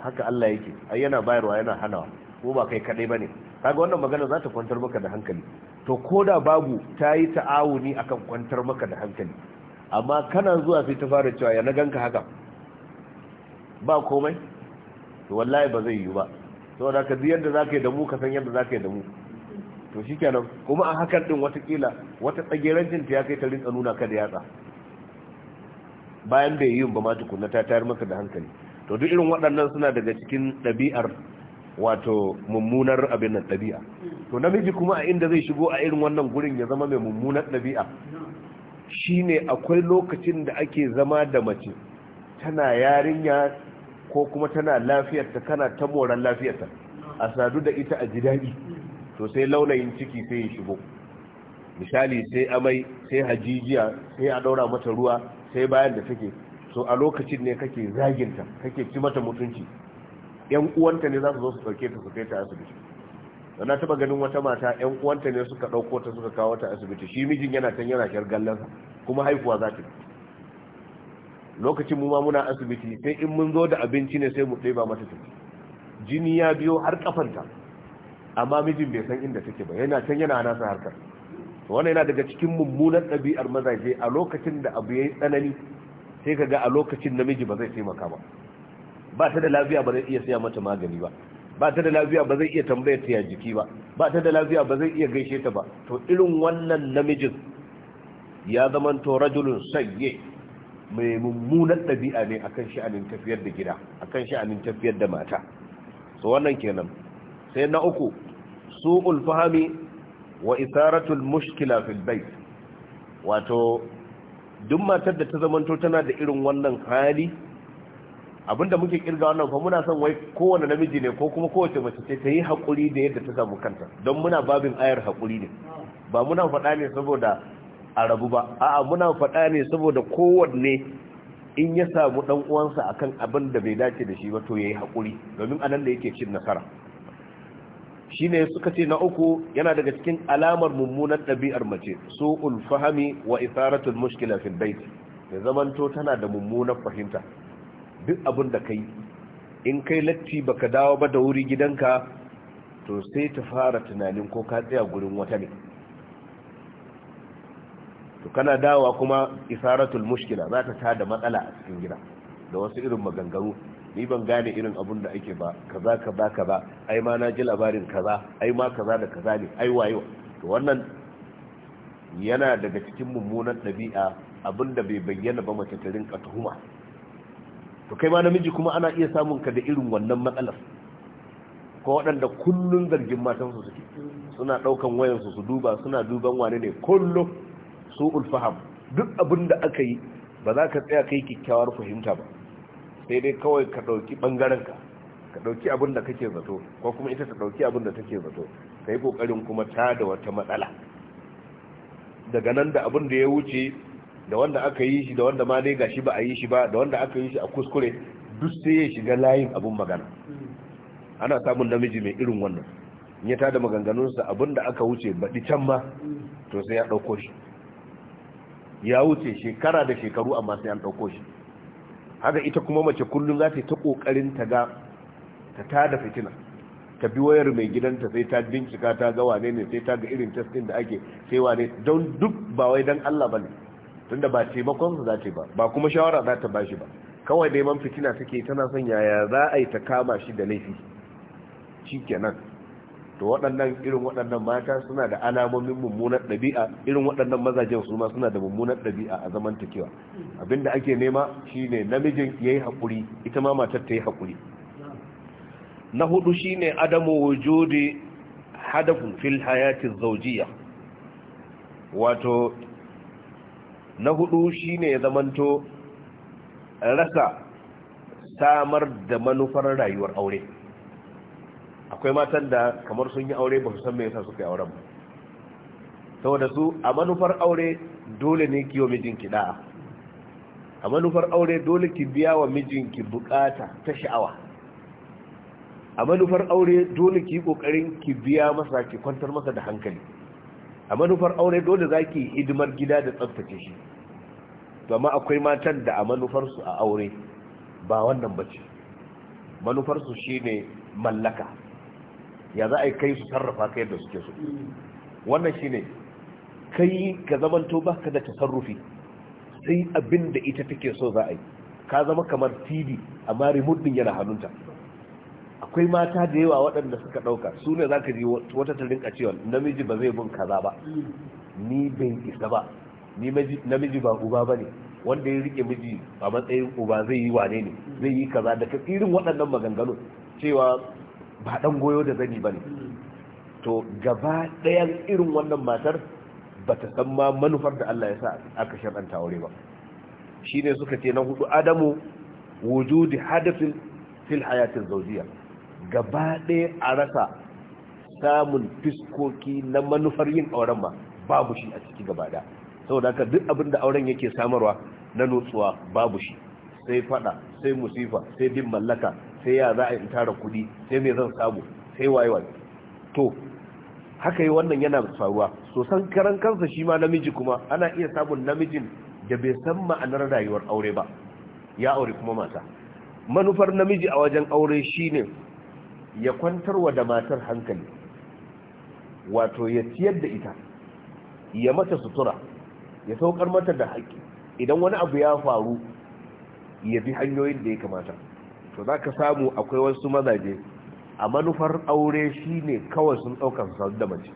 haka Allah yake ai yana bayarwa yana hanawa ko ba kai kadai ne kaga wannan magana za ta kwantar maka da hankali to ko da babu ta yi ta'awuni akan kwantar maka da hankali amma kana zuwa sai ta fara cewa ya na ganka haka ba komai to wallahi ba zai yi ba saboda ka ji yadda zaka yi da mu ka san yadda zaka yi da mu to shikenan kuma a hakan din kila wata tsagerancin ta ya kai ta rinka nuna ka da yatsa bayan bai yi ba ma tukunna ta tayar maka da hankali to duk irin waɗannan suna daga cikin ɗabi'ar wato mummunar abin nan ɗabi'a to namiji kuma a inda zai shigo a irin wannan gurin ya zama mai mummunar ɗabi'a shine akwai lokacin da ake zama da mace tana yarinya ko kuma tana lafiyarta kana ta moran lafiyarta a sadu da ita a jidadi to sai launayin ciki sai ya shigo misali sai amai sai hajijiya sai a daura mata ruwa sai bayan da take so a lokacin ne kake zaginta kake ci mata mutunci yan uwanta ne za su zo su ɗauke ta su kai ta asibiti da na taba ganin wata mata yan uwanta ne suka dauko ta suka kawo ta asibiti shi mijin yana can yana shar gallan kuma haihuwa za ta lokacin mu ma muna asibiti sai in mun zo da abinci ne sai mu ba mata tafi jini ya biyo har kafanta amma mijin bai san inda take ba yana can yana nasa harkar wannan yana daga cikin mummunan ɗabi'ar mazaje a lokacin da abu ya yi tsanani sai ka a lokacin namiji ba zai taimaka ba ba ta da lafiya ba zai iya siya mata magani ba ba ta da lafiya ba zai iya tambayar ta ya jiki ba ba ta da lafiya ba zai iya gaishe ta ba to irin wannan namijin ya zama to rajulun sayye mai mummunan ɗabi'a ne akan sha'anin tafiyar da gida akan sha'anin tafiyar da mata so wannan kenan sai na uku su ulfahami, wa isaratul mushkila fil bait wato duk matar da ta zamanto tana da irin wannan hali abinda muke kirga wannan fa muna son wai kowane namiji ne ko kuma kowace mace ce ta yi haƙuri da yadda ta samu kanta don muna babin ayar hakuri ne ba muna faɗa ne saboda a rabu ba a'a muna faɗa ne saboda kowanne in ya samu ɗan uwansa akan abin da bai dace da shi ba to yayi hakuri domin anan da yake cin nasara shine suka ce na uku yana daga cikin alamar mummunan ɗabi'ar mace su'ul fahami wa isaratul mushkila fil bait ya zamanto tana da mummunar fahimta duk abin da kai in kai latti baka dawo ba da wuri gidanka to sai ta fara tunanin ko ka tsaya gurin wata ne to kana dawa kuma isaratul mushkila za ta tada matsala a cikin gida da wasu irin maganganu ni ban gane irin abun da ake ba kaza kaza kaza ai ma na ji labarin kaza ai ma kaza da kaza ne ai wayo to wannan yana daga cikin mummunan ɗabi'a abinda bai bayyana ba mace ta rinka tuhuma to kai ma namiji kuma ana iya samun ka da irin wannan matsalar ko waɗanda kullun zargin su suke suna ɗaukan wayansu su su duba suna duban wane ne kullum su ulfaham duk abin da aka yi ba za ka tsaya kai kyakkyawar fahimta ba sai dai kawai ka ɗauki ɓangarenka ka ɗauki abin da kake zato ko kuma ita ta ɗauki abin da take zato ka yi ƙoƙarin kuma ta da wata matsala daga nan da abin da ya wuce da wanda aka yi shi da wanda ma dai gashi ba a yi shi ba da wanda aka yi shi a kuskure duk sai ya shiga layin abun magana ana samun namiji mai irin wannan in ya tada maganganunsa abinda aka wuce baɗi can ma to sai ya ɗauko shi ya wuce shekara da shekaru amma sai an ɗauko shi haka ita kuma mace kullum za ta yi ta ƙoƙarin ta ga ta tada fitina ta bi wayar mai gidanta sai ta bincika ta ga wane ne sai ta ga irin test ɗin da ake sai wane don duk ba wai don Allah ba ne tunda ba taimakon su za ta ba ba kuma shawara za ta bashi ba kawai neman fitina take tana son yaya za a yi ta kama shi da laifi shikenan to waɗannan irin waɗannan mata suna da alamomin mummunar ɗabi'a irin waɗannan mazajen su ma suna da mummunar ɗabi'a a takewa abinda ake nema shine namijin ya yi haƙuri ita ma matar ta yi haƙuri na hudu shine adamu wujudi hadafin fil hayati zaujiya wato na hudu shi ne ya zamanto rasa samar da manufar rayuwar aure akwai matan da kamar sun yi aure ba su san me yasa suka yi auren ba saboda su a manufar aure dole ne kiyo mijinki da'a a manufar aure dole ki biya wa mijinki bukata ta sha'awa a manufar aure dole ki kokarin ki biya masa ki kwantar masa da hankali a manufar aure dole za ki hidimar gida da tsaftace shi amma akwai matan da a manufarsu a aure ba wannan bace manufarsu shine mallaka ya za a yi kai su sarrafa kai da suke so wannan shine kai ka zamanto baka da tasarrufi sai abin da ita take so za a yi ka zama kamar tv amma remote din yana hannunta akwai mata da yawa waɗanda suka ɗauka su ne za ka ji wata ta rinka cewa namiji ba zai bin kaza ba ni bai isa ba ni namiji ba uba ba ne wanda ya rike miji a matsayin uba zai yi wane ne zai yi kaza da irin waɗannan maganganu cewa ba ɗan goyo da zani ba ne to gaba ɗayan irin wannan matar ba ta san ma manufar da Allah ya sa aka aure ba shine suka ce na hudu adamu wujudi hadafin fil hayatin zawjiyya gaba ɗaya a rasa samun fiskoki na manufar yin auren ma babu shi a ciki gaba ɗaya saboda haka duk abin da auren yake samarwa na nutsuwa babu shi sai fada sai musifa sai bin mallaka sai ya za a in tara kuɗi sai mai zan samu sai wayewa to haka yi wannan yana faruwa sosan karan kansa shi ma namiji kuma ana iya samun namijin da bai san ma'anar rayuwar aure ba ya aure kuma mata manufar namiji a wajen aure shine ya kwantarwa da matar hankali wato ya ciyar da ita ya mata sutura ya saukar mata da haƙi idan wani abu ya faru ya bi hanyoyin da ya kamata to za ka samu akwai wasu mazaje a manufar aure shi ne kawai sun ɗaukar su da mace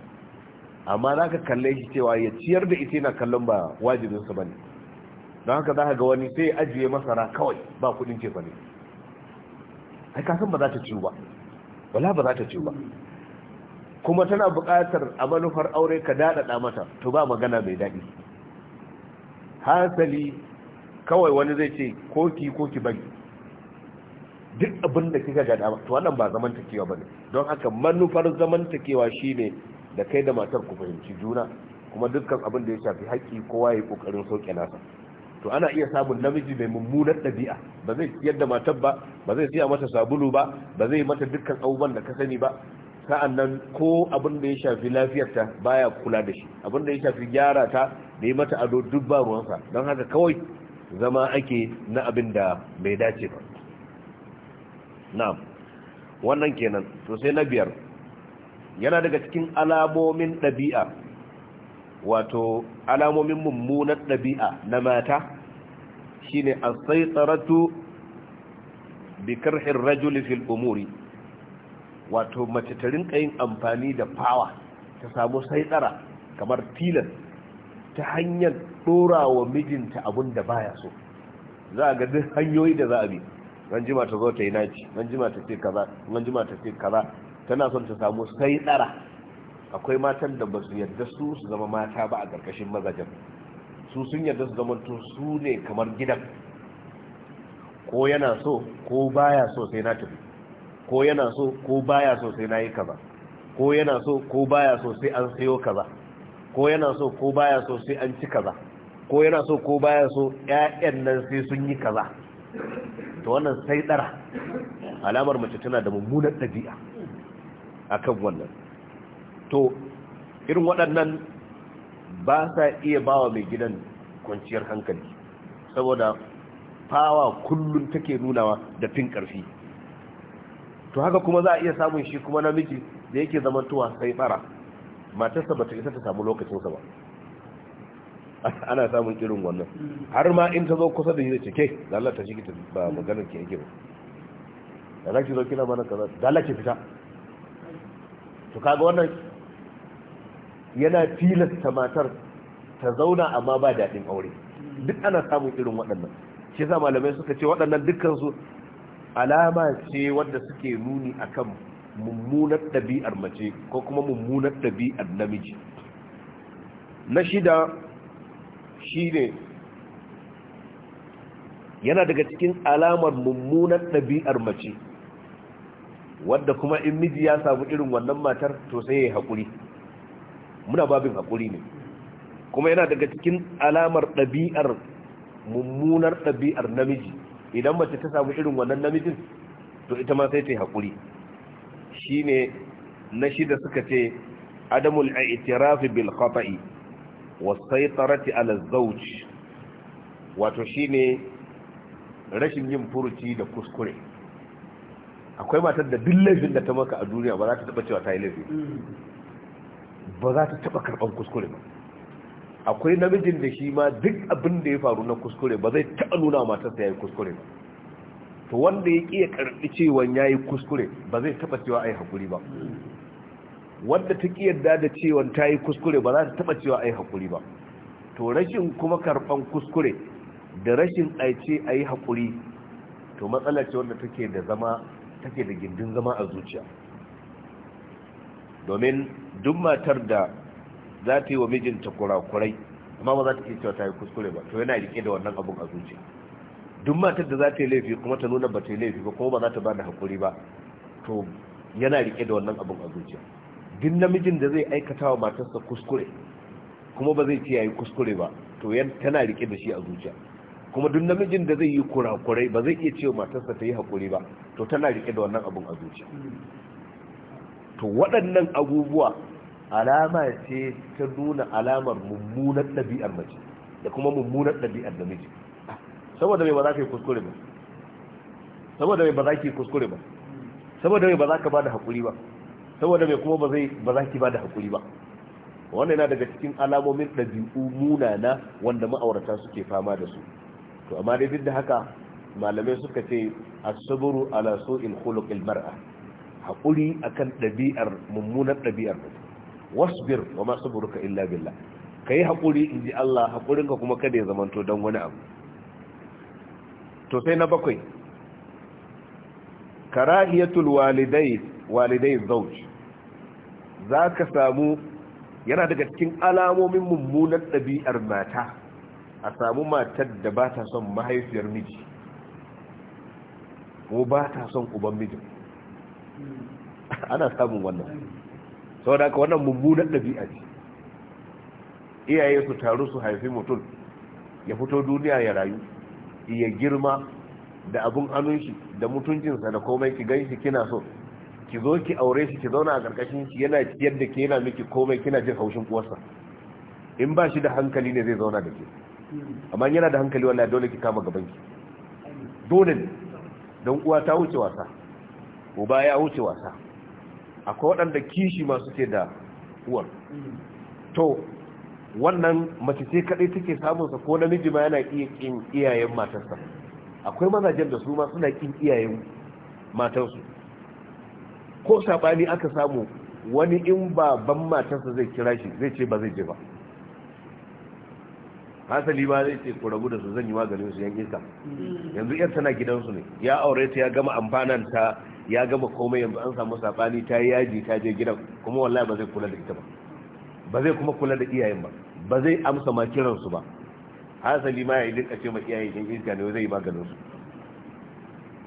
amma za ka kalle shi cewa ya ciyar da ita yana kallon ba wajibinsa ba ne don haka za ka ga wani sai ajiye masara kawai ba kudin ce ba ne ai kasan ba za ta ciwo ba wala ba za ta ce ba kuma tana buƙatar a manufar aure ka daɗaɗa mata to ba magana mai daɗi hasali kawai wani zai ce koki koki bari duk abin da kika gada to wannan ba zamantakewa ba ne don haka manufar zamantakewa shine da kai da matar ku fahimci juna kuma dukkan abin da ya shafi haƙƙi kowa ya yi ƙoƙarin sauƙe nasa to ana iya samun namiji mai mummunar ɗabi'a ba zai siyar da matar ba ba zai siya mata sabulu ba ba zai mata dukkan abubuwan da ka sani ba sa'an nan ko abin da ya shafi lafiyarta baya kula da shi abin da ya shafi gyara ta da ya mata ado duk ba ruwansa don haka kawai zama ake na abin da bai dace ba na'am wannan kenan to sai na biyar yana daga cikin alamomin ɗabi'a wato alamomin mummunar ɗabi'a na mata shine asaitaratu bi karhi fil umuri wato mace ta rinka yin amfani da power ta samu saitsara kamar tilas ta hanyar wa mijinta abun da baya so za ga duk hanyoyi da za a bi jima ta zo ta yi naci jima ta ce kaza jima ta ce kaza tana son ta samu saitsara akwai matan da ba su yarda su su zama mata ba a ƙarƙashin mazajen su sun yarda su zamanto su ne kamar gidan ko yana so ko baya so sai na tafi ko yana so ko baya so sai na yi kaza ko yana so ko baya so sai an sayo kaza ko yana so ko baya so sai an ci kaza ko yana so ko baya so ƴaƴan nan sai sun yi kaza to wannan sai dara alamar mace tana da mummunar ɗabi'a akan wannan to irin waɗannan ba sa iya bawa mai gidan kwanciyar hankali saboda fawa kullum take nunawa da fin karfi to haka kuma za a iya samun shi kuma namiji da yake tuwa sai tsara matarsa ba ta isa ta samu lokacinsa ba ana samun irin wannan har ma in ta zo kusa da yi da cike lalata shi ta ba maganar ke yake ba da za zo kina mana kaza da laki fita to kaga wannan yana tilasta matar ta zauna amma ba daɗin aure duk ana samun irin waɗannan shi yasa malamai suka ce waɗannan dukkansu alama ce wadda suke nuni akan mummunar ɗabi'ar mace ko kuma mummunar ɗabi'ar namiji na shida shine yana daga cikin alamar mummunar ɗabi'ar mace wadda kuma in miji ya samu irin wannan matar to sai ya yi haƙuri muna babin haƙuri ne kuma yana daga cikin alamar ɗabi'ar mummunar ɗabi'ar namiji idan mace ta samu irin wannan namijin to ita ma sai ta yi haƙuri shi ne na shida suka ce adamul itirafi bil khata'i wasaitarati ala zauj wato shi ne rashin yin furuci da kuskure akwai matar da duk laifin da ta maka a duniya ba za ta taba cewa ta yi laifi ba za ta taba karban kuskure ba akwai namijin da shi ma duk abin da ya faru na kuskure ba zai taba nuna sa ya yi kuskure ba to wanda ya ƙi ya karɓi cewa ya yi kuskure ba zai taba cewa a yi haƙuri ba wanda ta ƙi yarda da cewa ta yi kuskure ba za ta taba cewa a yi haƙuri ba to rashin kuma karɓan kuskure da rashin aice a yi haƙuri to matsala ce wanda take da zama take da gindin zama a zuciya domin duk matar da za ta yi wa mijinta kurakurai amma ba za ta iya cewa ta yi kuskure ba to yana rike da wannan abun a zuciya duk matar da za ta yi laifi kuma ta nuna ba ta yi laifi ba kuma ba za ta ba da haƙuri ba to yana rike da wannan abun a zuciya duk namijin da zai aikata wa matarsa kuskure kuma ba zai ce ya yi kuskure ba to tana rike da shi a zuciya kuma duk namijin da zai yi kurakurai ba zai iya cewa matarsa ta yi haƙuri ba to tana rike da wannan abun a zuciya to waɗannan abubuwa alama ce ta nuna alamar mummunar ɗabi'ar mace da kuma mummunar ɗabi'ar namiji saboda mai ba za ka yi kuskure ba saboda mai ba za ki kuskure ba saboda mai ba za ka ba da haƙuri ba saboda mai kuma ba za ki ba da haƙuri ba wannan yana daga cikin alamomin ɗabi'u munana wanda ma'aurata suke fama da su to amma dai duk da haka malamai suka ce asaburu ala su'il khuluqil mar'a haƙuri akan ɗabi'ar mummunar ɗabi'ar wasu wasbir wa masu buruka illa billah yi haƙuri in ji Allah haƙurinka kuma kada ya zamanto don wani abu to sai na bakwai karahiyatul walidai walidai zauj za ka samu yana daga cikin alamomin mummunar ɗabi'ar mata a samu matar da ba ta son mahaifiyar miji ko ba ta son uban miji. ana samun wannan sau da aka wannan mummunan ɗabi'a ce iyaye su taru su haifi mutum ya fito duniya ya rayu ya girma da abin hannun shi da mutuncinsa da komai ki gan shi kina so ki zo ki aure shi ki zauna a ƙarƙashin shi yana ciyar da ke yana miki komai kina jin haushin uwarsa in ba shi da hankali ne zai zauna da ke amma yana da hankali wallahi dole ki kama gaban ki dole ne don uwa ta wuce wasa uba ya wuce wasa akwai waɗanda kishi masu ke da uwar to wannan mace ce kaɗai take samunsa ko namiji ma yana iya ƙin iyayen matarsa akwai mazajen da su ma suna ƙin iyayen matarsu ko saɓani aka samu wani in ba ban matarsa zai kira shi zai ce ba zai je ba hasali ba zai ce ku rabu da su zan yi maganin su yankin ka? yanzu yan tana gidansu ne ya aure ta ya gama amfanan ta ya gama komai yanzu an samu sabani ta yi yaji ta je gidan kuma wallahi ba zai kula da ita ba ba zai kuma kula da iyayen ba ba zai amsa ma kiran su ba hasali ma ya dinka ce ma iyayen yan iska ne zai yi maganin su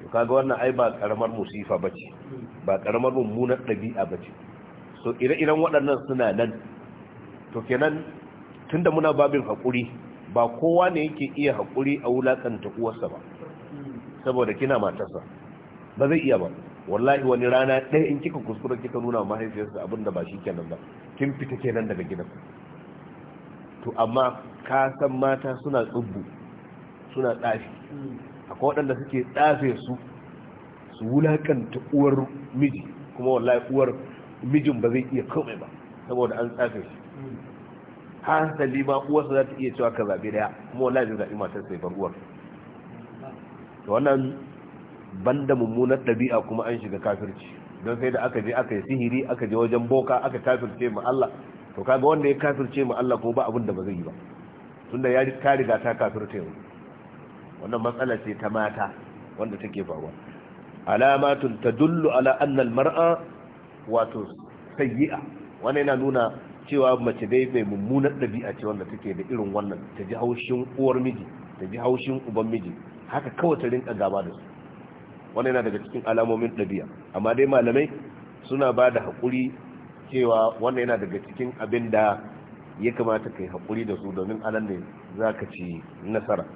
to kaga wannan ai ba karamar musifa bace ba karamar mummunar dabi'a bace so ire-iren waɗannan suna nan to kenan tunda muna babin hakuri ba kowa ne yake iya haƙuri a wulaƙanta uwarsa ba saboda kina matarsa ba zai iya ba wallahi wani rana ɗaya in kika kuskura kika nuna mahaifiyarsa abin da ba shi kenan ba kin fita kenan daga gidan to amma ka san mata suna tsubbu suna tsafi akwai waɗanda suke tsafe su su wulaƙanta uwar miji kuma wallahi uwar mijin ba zai iya komai ba saboda an tsafe shi hankali ma uwarsa za ta iya cewa ka zaɓi daya mu wallahi zai zaɓi matar sai ban uwar wannan banda mummunar ɗabi'a kuma an shiga kafirci don sai da aka je aka yi sihiri aka je wajen boka aka kafirce mu Allah to kaga wanda ya kafirce mu Allah ko ba abin da ba zai yi ba tunda ya ka riga ta kafirce mu wannan matsala ce ta mata wanda take faruwa alamatun tadullu ala anna mar'a wato sayyi'a wannan yana nuna cewa mace dai mai mummunar ɗabi'a ce wanda take da irin wannan ta ji haushin uwar miji ta ji haushin uban miji haka kawai ta rinka gaba da su wannan yana daga cikin alamomin ɗabi'a amma dai malamai suna ba da haƙuri cewa wannan yana daga cikin abin da ya kamata ka yi haƙuri da su domin anan ne za ka ci nasara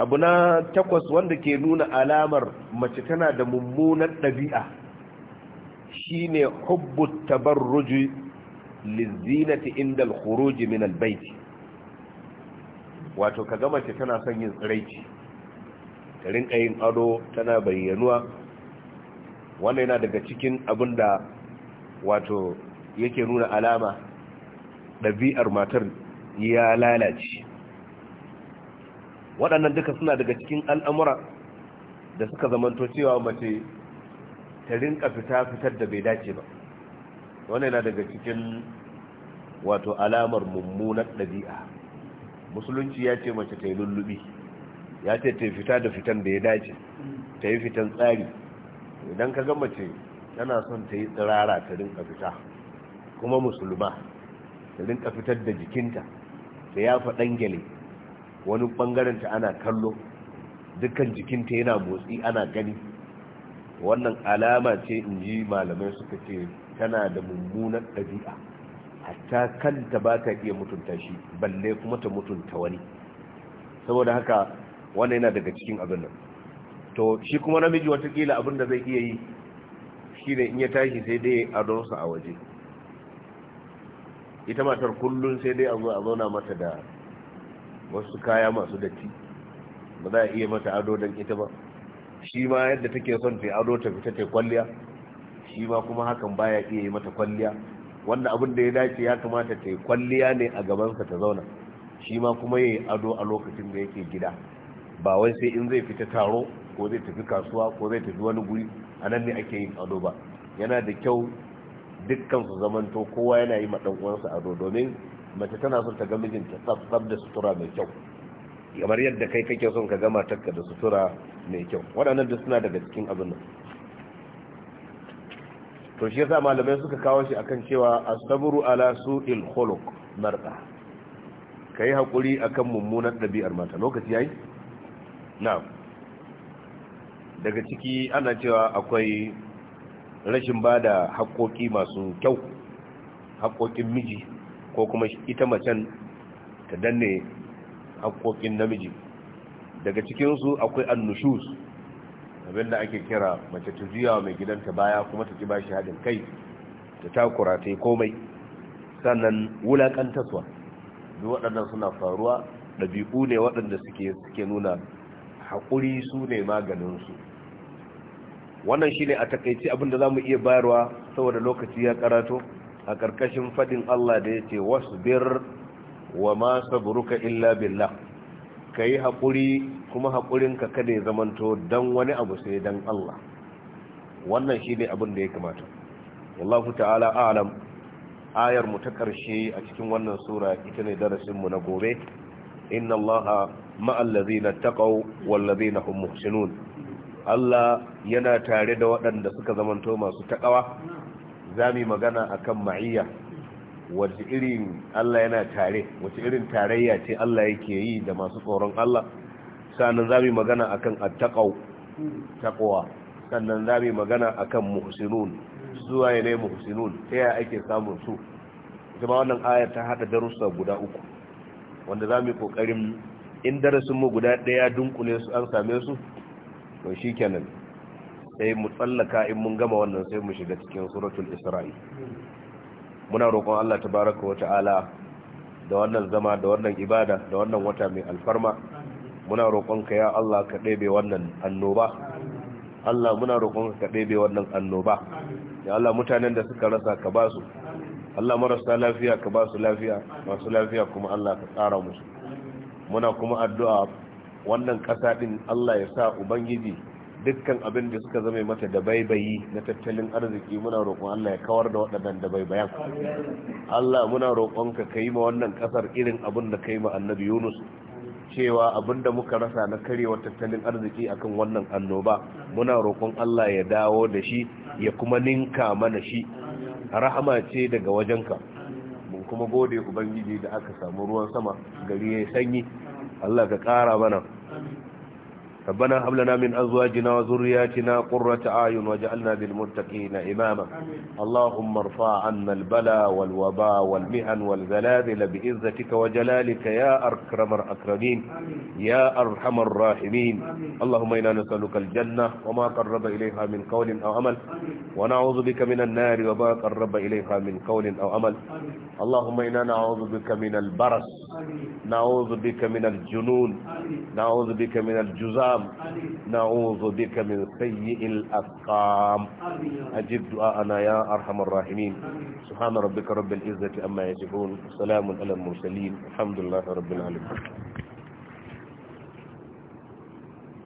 abu na takwas wanda ke nuna alamar mace tana da mummunar ɗabi'a shine hubbu tabarruji lizinati inda al min albayt wato kaga mace tana son yin tsiraici ta rinka yin ado tana bayyanuwa wannan yana daga cikin abinda wato yake nuna alama ɗabi'ar matar ya lalace waɗannan duka suna daga cikin al'amura da suka zamanto cewa mace ta rinka fita fitar da bai dace ba wannan yana daga cikin wato alamar mummunar ɗabi'a musulunci ya ce mace ta yi lullubi ya ce ta fita da fitan da ya dace ta yi fitan tsari idan ka ga mace tana son ta yi tsirara ta rinka fita kuma musulma ta rinka fitar da jikinta ta yafa gyale wani ɓangaren ta ana kallo dukkan jikinta yana motsi ana gani wannan alama ce in ji malamai suka ce tana da mummunan ɗabi'a hatta kanta ba ta iya mutunta shi balle kuma ta mutunta wani saboda haka wannan yana daga cikin abin nan to shi kuma namiji watakila abin da zai iya yi shi ne in ya tashi sai dai a donsa a waje ita matar kullum sai dai a zo a zauna mata da wasu kaya masu datti ba za a iya mata ado don ita ba shi ma yadda take son ta ado ta fita ta kwalliya shi ma kuma hakan baya iya yi mata kwalliya wanda abin da ya dace ya kamata ta yi kwalliya ne a gabansa ta zauna shi ma kuma yayi ado a lokacin da yake gida ba wai sai in zai fita taro ko zai tafi kasuwa ko zai tafi wani guri a nan ne ake yin ado ba yana da kyau dukkan su zamanto kowa yana yi ma uwansa ado domin mace tana son ta ga mijinta tsaf da sutura mai kyau kamar yadda kai kake son ka gama takka da sutura mai kyau waɗannan da suna daga cikin abin nan to shi yasa malamai suka kawo shi akan cewa asabru ala su'il khuluq mar'a kai hakuri akan mummunan ɗabi'ar mata lokaci yayi na'am daga ciki ana cewa akwai rashin bada haƙoƙi masu kyau haƙoƙin miji ko kuma ita macen ta danne haƙoƙin namiji daga cikinsu akwai annushus abin ake kira mace ta juya mai gidanta baya kuma ta ci ba shi haɗin kai ta takura ta yi komai sannan wulaƙantaswa duk waɗannan suna faruwa ɗabi'u ne waɗanda suke nuna haƙuri su ne maganinsu wannan shi ne a takaici abinda za mu iya bayarwa saboda lokaci ya karato a ƙarƙashin faɗin allah da ya ce wasu wa ma buruka illa billah kai haƙuri kuma haƙurin ka kada ya zamanto dan wani abu sai dan Allah wannan shine abin da ya kamata wallahu ta'ala a'lam ayar mu ta karshe a cikin wannan sura ita ne darasin mu na gobe inna allaha ma'al ladina taqaw wal na hum Allah yana tare da waɗanda suka zamanto masu taƙawa za mu magana akan ma'iyya wace irin Allah yana tare wace irin tarayya ce Allah yake yi da masu tsoron Allah sannan za mu magana akan attaqaw taqwa sannan za mu magana akan muhsinun zuwa ne muhsinun ta ake samun su kuma wannan aya ta hada darussa guda uku wanda za mu kokarin in darasin mu guda daya dunkule su an same su to shikenan sai mu tsallaka in mun gama wannan sai mu shiga cikin suratul isra'i muna roƙon Allah tabaraka wa ta'ala da wannan zama da wannan ibada da wannan wata mai alfarma muna roƙonka ya Allah ka ɗebe wannan annoba Allah muna roƙonka ka ɗebe wannan annoba ya Allah mutanen da suka rasa ka ba su Allah marasa lafiya ka ba su lafiya masu lafiya kuma Allah ka tsara musu muna kuma addu'a wannan ƙasa ɗin Allah ya sa ubangiji dukkan abin da suka zama mata da baibayi na tattalin arziki muna roƙon Allah ya kawar da waɗannan da baibayan Allah muna roƙonka ka yi ma wannan ƙasar irin abin da ka yi ma annabi Yunus cewa abin da muka rasa na karewa tattalin arziki akan wannan annoba muna roƙon Allah ya dawo da shi ya kuma ninka mana shi rahama ce daga wajenka mun kuma gode ubangiji da aka samu ruwan sama gari ya sanyi Allah ka ƙara mana ربنا هب لنا من أزواجنا وذرياتنا قرة أعين واجعلنا للمتقين إماما اللهم ارفع عنا البلاء والوباء والمحن والزلازل بعزتك وجلالك يا أكرم الأكرمين يا أرحم الراحمين اللهم إنا نسألك الجنة وما قرب إليها من قول أو عمل ونعوذ بك من النار وما قرب إليها من قول أو عمل اللهم إنا نعوذ بك من البرس نعوذ بك من الجنون نعوذ بك من الجزاء الأسقام نعوذ بك من سيء الأسقام أجب دعاءنا يا أرحم الراحمين سبحان ربك رب العزة أما يجبون سلام على المرسلين الحمد لله رب العالمين